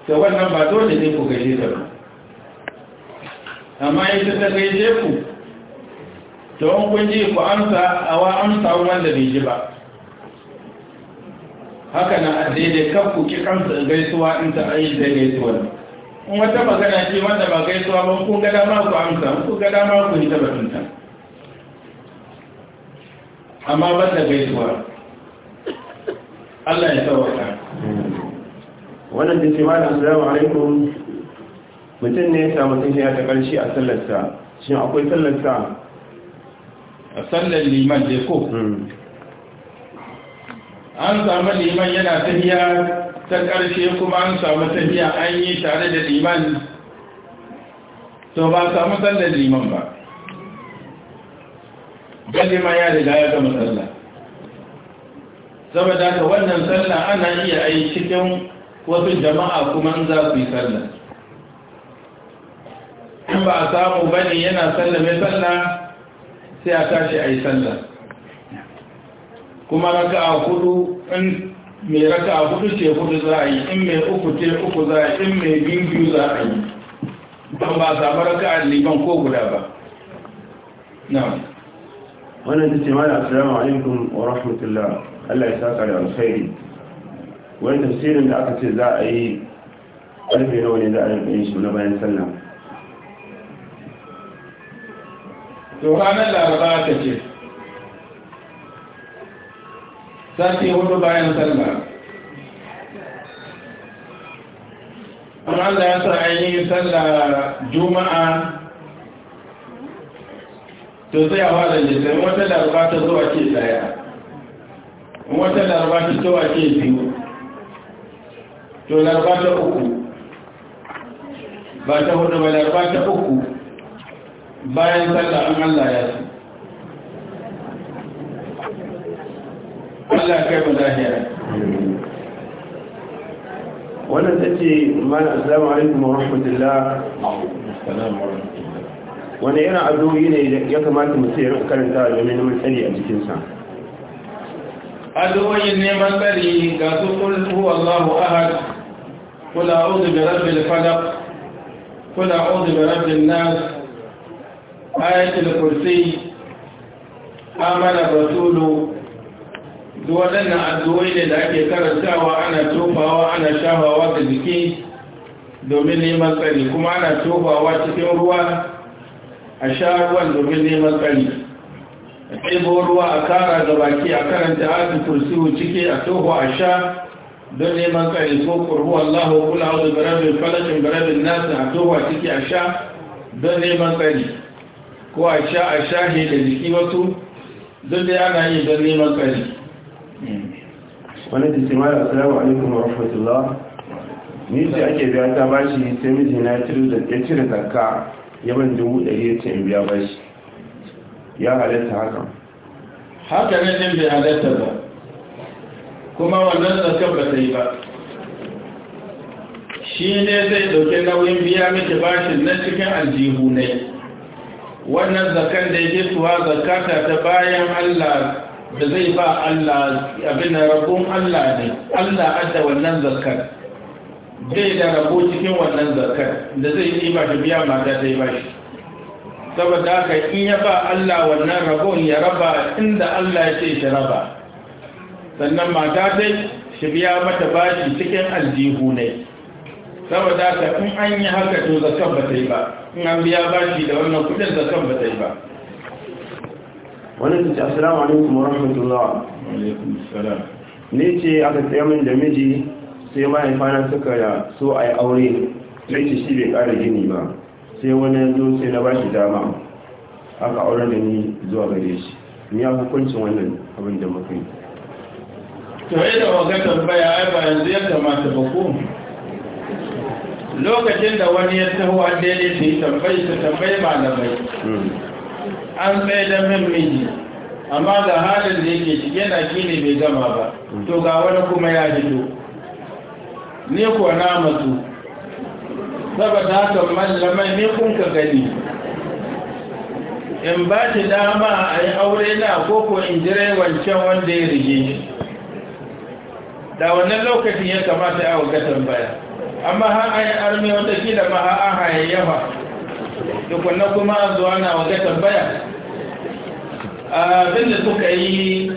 to wannan ba dole ne ku gaishe ta ba amma ita ta gaishe ku to wani kun ji ku amsa a wa amsa wanda bai ji ba haka na daidai kan ki kansa gaisuwa in ta ayi da gaisuwa in wata magana ce wanda ba gaisuwa ba kun ga dama ku amsa ku ga dama ku yi ta batunta amma ba da gaisuwa Allah ya tsawata wannan da ce malam assalamu alaikum mutum ne ya samu ya ta karshe a sallarsa shin akwai sallarsa a sallar liman je ko hmm. an samu liman yana tafiya ta ƙarshe kuma an samu tafiya an yi tare da liman to ba samu sallar liman ba ma ya riga ya gama sallah saboda ka wannan sallah ana iya yi cikin wasu jama'a kuma an za su yi sallah in ba a samu bane yana sallar mai sallah sai a tashi a yi sallah kuma raka'a hudu in mai a hudu ce hudu za a yi in mai uku ce uku za a yi in mai biyu biyu za a yi don ba samu raka'a liban ko guda ba na wannan ta ce mana assalamu alaikum wa rahmatullah Allah ya sa kare a alkhairi wani tafsirin da aka ce za a yi ƙarfe na wani za a yi shi na bayan sallah to ranar laraba ta ce sati hudu bayan sallah amma da ya sa an yi sallah juma'a to sai a wada jisai wata larba ta zuwa ke daya wata larba ta zuwa ke biyu to larba ta uku ba ta hudu ba larba ta uku bayan sallah an Allah ya Allah kai mu lahiya wannan ta ce mana assalamu alaikum wa rahmatullah wani irin addu'o'i ne ya kamata mutum ya karanta domin neman tsari a jikinsa addu'o'in neman tsari ga su kul huwa Allahu ahad kula a'udhu bi rabbil falaq kula a'udhu bi rabbin nas ayatul kursi amana rasulu duk waɗannan addu'o'i ne da ake karantawa ana tofawa ana shafawa da jiki domin neman tsari kuma ana tofawa cikin ruwa a sha ruwan domin neman tsari a ɗebo ruwa a kara da baki a karanta azu kursiyu ciki a toho a sha don neman tsari ko kurhu Allah kula hau da barabin falashin barabin nasu a toho a ciki a sha don neman tsari ko a sha a shahe da jiki wasu duk da ana yi don neman tsari wani da cimar asalamu alaikum wa rahmatullah ni sai ake biya ta ba shi sai miji na ya cire zakka yaban dubu ɗari ya ce in biya ba shi. ya halatta hakan haka ne jin bai halatta ba kuma wannan zakka ba ta yi ba shi ne zai ɗauki nauyin biya miki bashin na cikin aljihu ne wannan zakan da ya je suwa zakata ta bayan allah da zai ba Allah abin da rabon Allah ne Allah adda wannan zakar zai da rabo cikin wannan zakar da zai yi ba shi biya mata ta yi ba shi saboda haka in ya ba Allah wannan rabon ya raba inda Allah ya ce shi raba sannan mata zai shi biya mata bashi cikin aljihu ne saboda haka in an yi haka to zakar ba ta yi ba in an biya bashi da wannan kudin zakar ba ta yi ba wani su ce assalamu alaikum wa rahmatullah ne ce aka tsaye min da miji sai mahaifana suka so a yi aure sai ce shi bai ƙara gini ba sai wani yanzu sai na bashi dama aka aure da ni zuwa gare shi ni ya hukuncin wannan abin da muka yi da wagatar baya ai ba yanzu ya kamata ba ko lokacin da wani ya taho a daidai ta yi tambayi ta tambayi malamai hmm. an tsaye da min amma ga halin da yake shi yana shi ne bai gama ba to ga wani kuma ya hito ne kuwa na matu saboda haka mallamai ne kun ka gani in ba shi dama a yi aure na koko in jira wancan wanda ya rige da wannan lokacin ya kamata ya wuga baya? amma har an yi armi wata kila ma har an yawa. tukunna kuma zuwa na waje tambaya abin da suka yi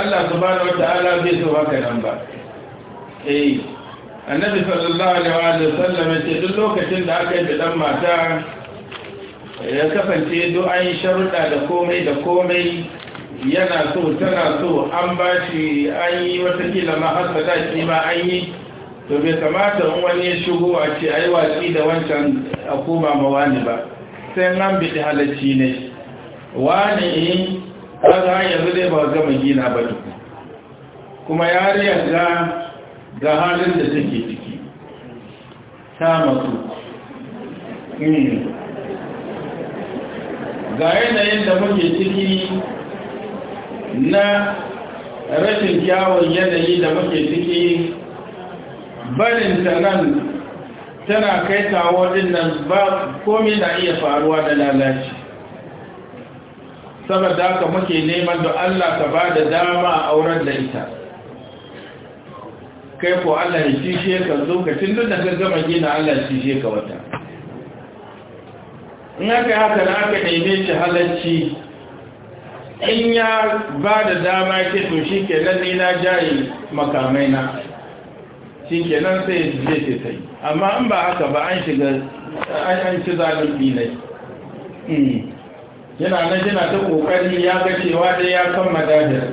allah wata wata'ala bai zo haka nan ba eh annabi sallallahu alaihi wa sallam ce duk lokacin da aka yi dan mata ya kasance du an sharuɗa da komai da komai yana so tana so an ba shi an yi watakila ma da shi ma an yi to bai kamata in wani ya shigo a ce yi watsi da wancan a koma ma wani ba sai an bi halacci ne wani in kaga yanzu dai ba gama gina ba duk kuma yariya ga ga halin da take ciki ta matsu hmm. ga yanayin da muke ciki na rashin kyawun yanayi da muke ciki barin ta nan tana kai kawo nan ba komai na iya faruwa da lalaci saboda haka muke neman da Allah ka ba da dama a auren da ita kai ko Allah ya cishe ka zo ka tun da ka gama gina Allah ya cishe ka wata in aka haka na aka neme shi halarci in ya ba da dama ke to shi ke nan na jayi makamai na shi nan sai zai ce sai amma an ba haka ba an shiga an ci zalunci ne hmm. yana na jina ta kokari ya ga cewa dai ya kan madajar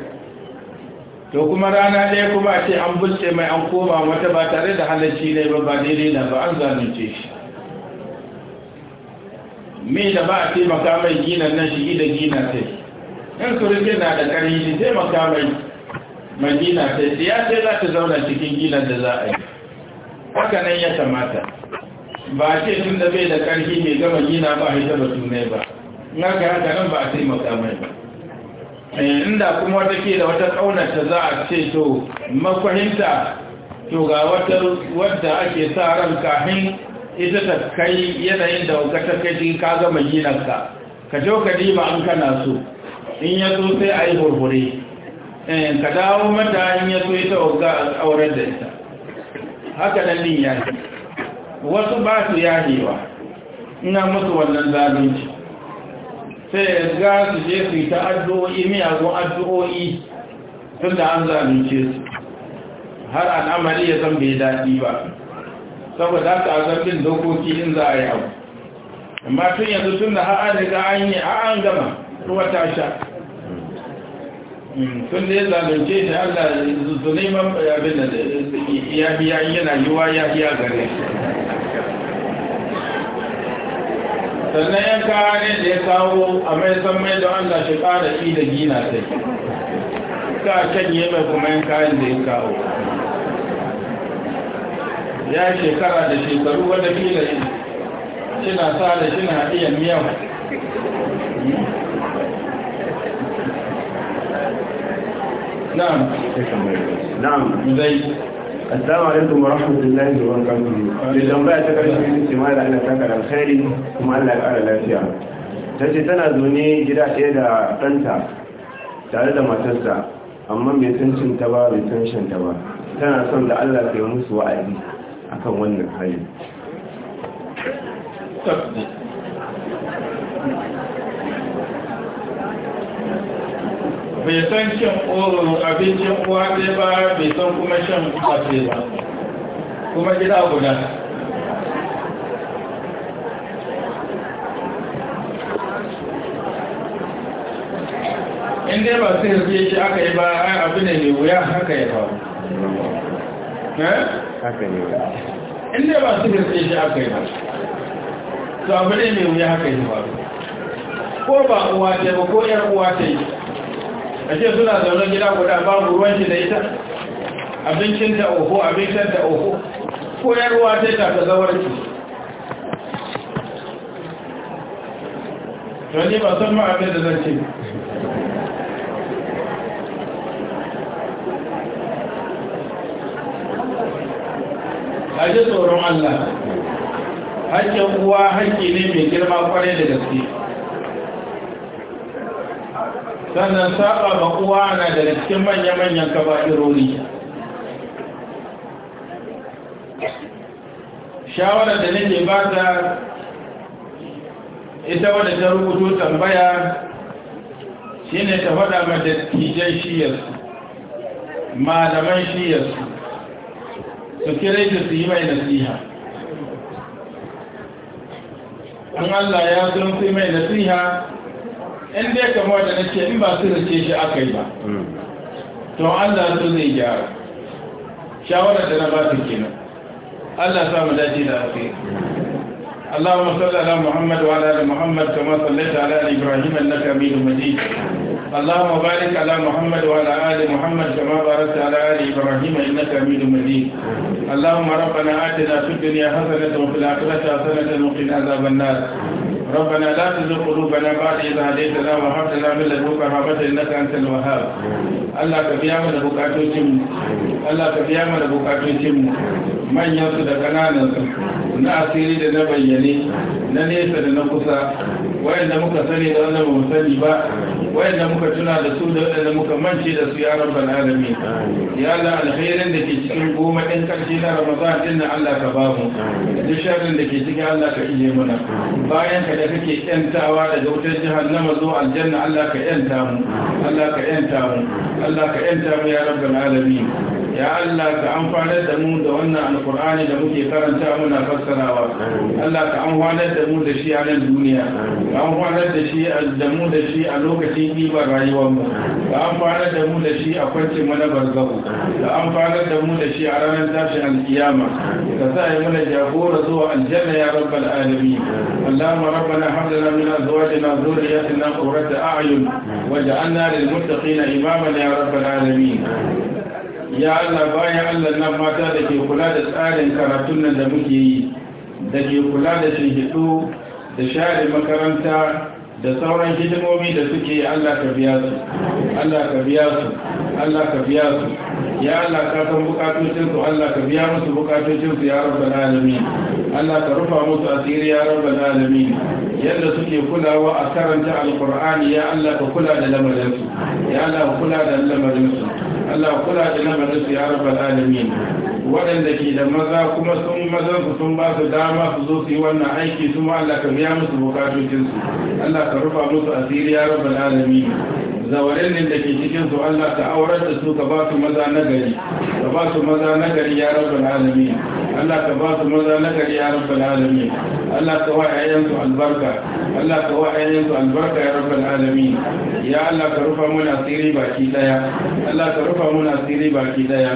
to kuma rana ɗaya kuma ce an bulce mai an koma wata ba tare da halarci ne ba ba daidai na ba an zalunce shi me da ba a taimaka mai ginan nan shi da gina sai in rike na da ƙarin shi taimaka mai madina ta yi ya ce za ta zauna cikin gilan da za a yi haka nan ya kamata ba ce tun da bai da ƙarfi mai gama gina ba haita ba tunai ba na ga haka nan ba a sai makamai ba eh, inda kuma wata ke da wata ƙaunarta za a ce to makwahinta to ga wata wadda ake sa ran kafin ita ta kai yanayin da wuka ta kai ka gama ginanka ka jo ka dima an kana so in ya zo sai a yi hurhure Eh, ka dawo mata in ya so ita ga a aurar da ita haka nan din ya yi wasu ba su yahewa ina musu wannan zalunci sai ya ga su je su yi ta addu'o'i miyagun addu'o'i tun da an zalunce su har al'amari ya zan bai daɗi ba saboda haka a dokoki in za a yi abu amma tun yanzu tun da har an riga an yi an gama ruwa ta sha tun da ya zalunce shi Allah zuzune man abin da ya biya yana yiwa ya biya gare sannan ya kawo ne da ya kawo a mai san mai don Allah shi ƙara ƙi da gina sai ka yi mai kuma 'yan kayan da ya kawo ya shekara da shekaru wadda kila shi na sa da shi na iya miyau na'am na'am zai assalamu alaikum wa rahmatullahi wa barakatuh da tambaya ta karshe ne ce mala Allah ta kuma Allah ya kara lafiya tace tana zaune gida ɗaya da ɗanta tare da matarsa amma bai san cin ta ba bai shan ta ba tana son da Allah ya musu wa'azi akan wannan hali bai san shan abincin uwa ɗaya ba bai san kuma shan uwa ba kuma gida guda inda dai ba sai rufe shi aka yi ba ai abu ne mai wuya haka yi ba eh? in dai ba su rufe shi aka yi ba to abu ne mai wuya haka yi ba ko ba uwa ɗaya ba ko 'yan uwa ta yi ashe suna zaune gida guda babu ruwan shi da ita abincin ta oho abincin ta oho ko ruwa ta tafi zawarci to ne ba san ma abin da zan ce a ji tsoron Allah hakkin uwa hakki ne mai girma kwarai da gaske sannan saba ma uwa na daga cikin manya-manyan kaba'irori shawarar da nake ba ta ita wadda ta rubuto tambaya shine ta faɗa ma dattijan shiyarsu malaman shiyarsu su kira da su yi mai nasiha an Allah ya sun mai nasiha in dai kamar da nake in ba su race shi aka yi ba to Allah so zai gyara shawarar da na ba su kenan Allah sa mu dace da alkhairi اللهم صل على محمد وعلى ال محمد كما صليت على ال ابراهيم انك حميد مجيد اللهم بارك على محمد وعلى ال محمد كما باركت على ال ابراهيم انك حميد مجيد اللهم ربنا اتنا في الدنيا حسنه وفي الاخره حسنه وقنا عذاب النار ربنا لا تزغ قلوبنا بعد إذا هديتنا وهب لنا من لدنك رحمة إنك أنت الوهاب Allah ka biya mana bukatocin mu Allah ka biya mana bukatocin mu manyan su da kananan su na asiri da na bayyane na nesa da na kusa wayanda muka sani da wanda mu sani ba wayanda muka tuna da su da wayanda muka mance da su ya rabbal alamin ya Allah alkhairin da ke cikin goma din karshe na Ramadan din nan Allah ka ba mu da sharrin da ke cikin Allah ka iye mana bayan ka da kake yantawa daga wutar jahannama zuwa aljanna Allah ka yanta mu Allah ka yanta mu Allah ka yanta mu ya rabbal alamin ya Allah ka amfanar da mu da wannan alkur'ani da muke karanta muna fassarawa Allah ka amfanar da mu da shi a nan duniya ka amfanar da shi da mu da shi a lokacin ɗibar rayuwar mu ka amfanar da mu da shi a kwancin mana barzahu ka amfanar da mu da shi a ranar tashin alkiyama ka sa yi mana jagora zuwa aljanna ya rabbal alamin Allahumma rabbana hab lana min azwajina wa dhurriyyatina qurrata a'yun waj'alna lil muttaqina imama ya rabbal alamin ya Allah bayan Allah nan mata da ke kula da tsarin karatun nan da muke yi da ke kula da shirgido da share makaranta da sauran hidimomi da suke Allah ka biya su Allah ka biya su Allah ka biya su ya Allah ka san bukatocin su Allah ka biya musu bukatocin su ya rabbal alamin Allah ka rufa musu asiri ya rabbal alamin yadda suke kulawa a karanta alqur'ani ya Allah ka kula da lamarin su ya Allah ka kula da lamarin su Allah kula da lamarin su ya rabbal alamin waɗanda ke da maza kuma sun mazan su sun ba su dama su zo su yi wannan aiki su ma Allah ka biya musu bukatocin su Allah ka rufa musu asiri ya rabbal alamin zawarin da ke cikin su Allah ka aurar da su ka ba su maza nagari ka ba su maza gari ya rabbal alamin Allah ka ba su maza gari ya rabbal alamin Allah ka wa ayyansu albarka Allah wa ayyansu albarka ya rabbal alamin ya Allah ka rufa baki daya Allah ka rufa baki daya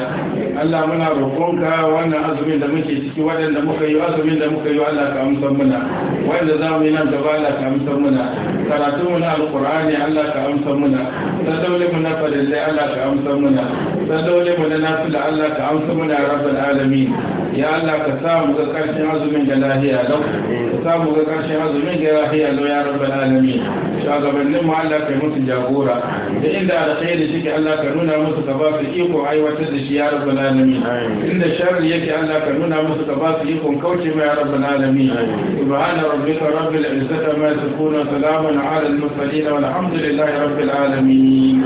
Allah muna roƙonka wannan azumin da muke ciki waɗanda muka yi azumin da muka yi Allah ka amsa muna wanda za mu yi nan gaba Allah ka amsa muna karatu muna alqur'ani Allah ka amsa muna sadaule muna fadille Allah ka amsa muna sadaule na nafila Allah ka amsa muna rabbal alamin ya Allah ka samu ga karshen azumin da lahiya lau ka samu ga karshen azumin da lahiya lau ya rabbal alamin shugabannin mu Allah ka musu jagora da inda alkhairi shi Allah ka nuna musu ka ba su iko aiwatar da shi ya rabbal alamin inda sharri yake Allah ka nuna musu ka ba su iko kauce ma ya rabbal alamin subhana rabbika rabbil izzati ma yasifun salamun ala al mursalin walhamdulillahi rabbil alamin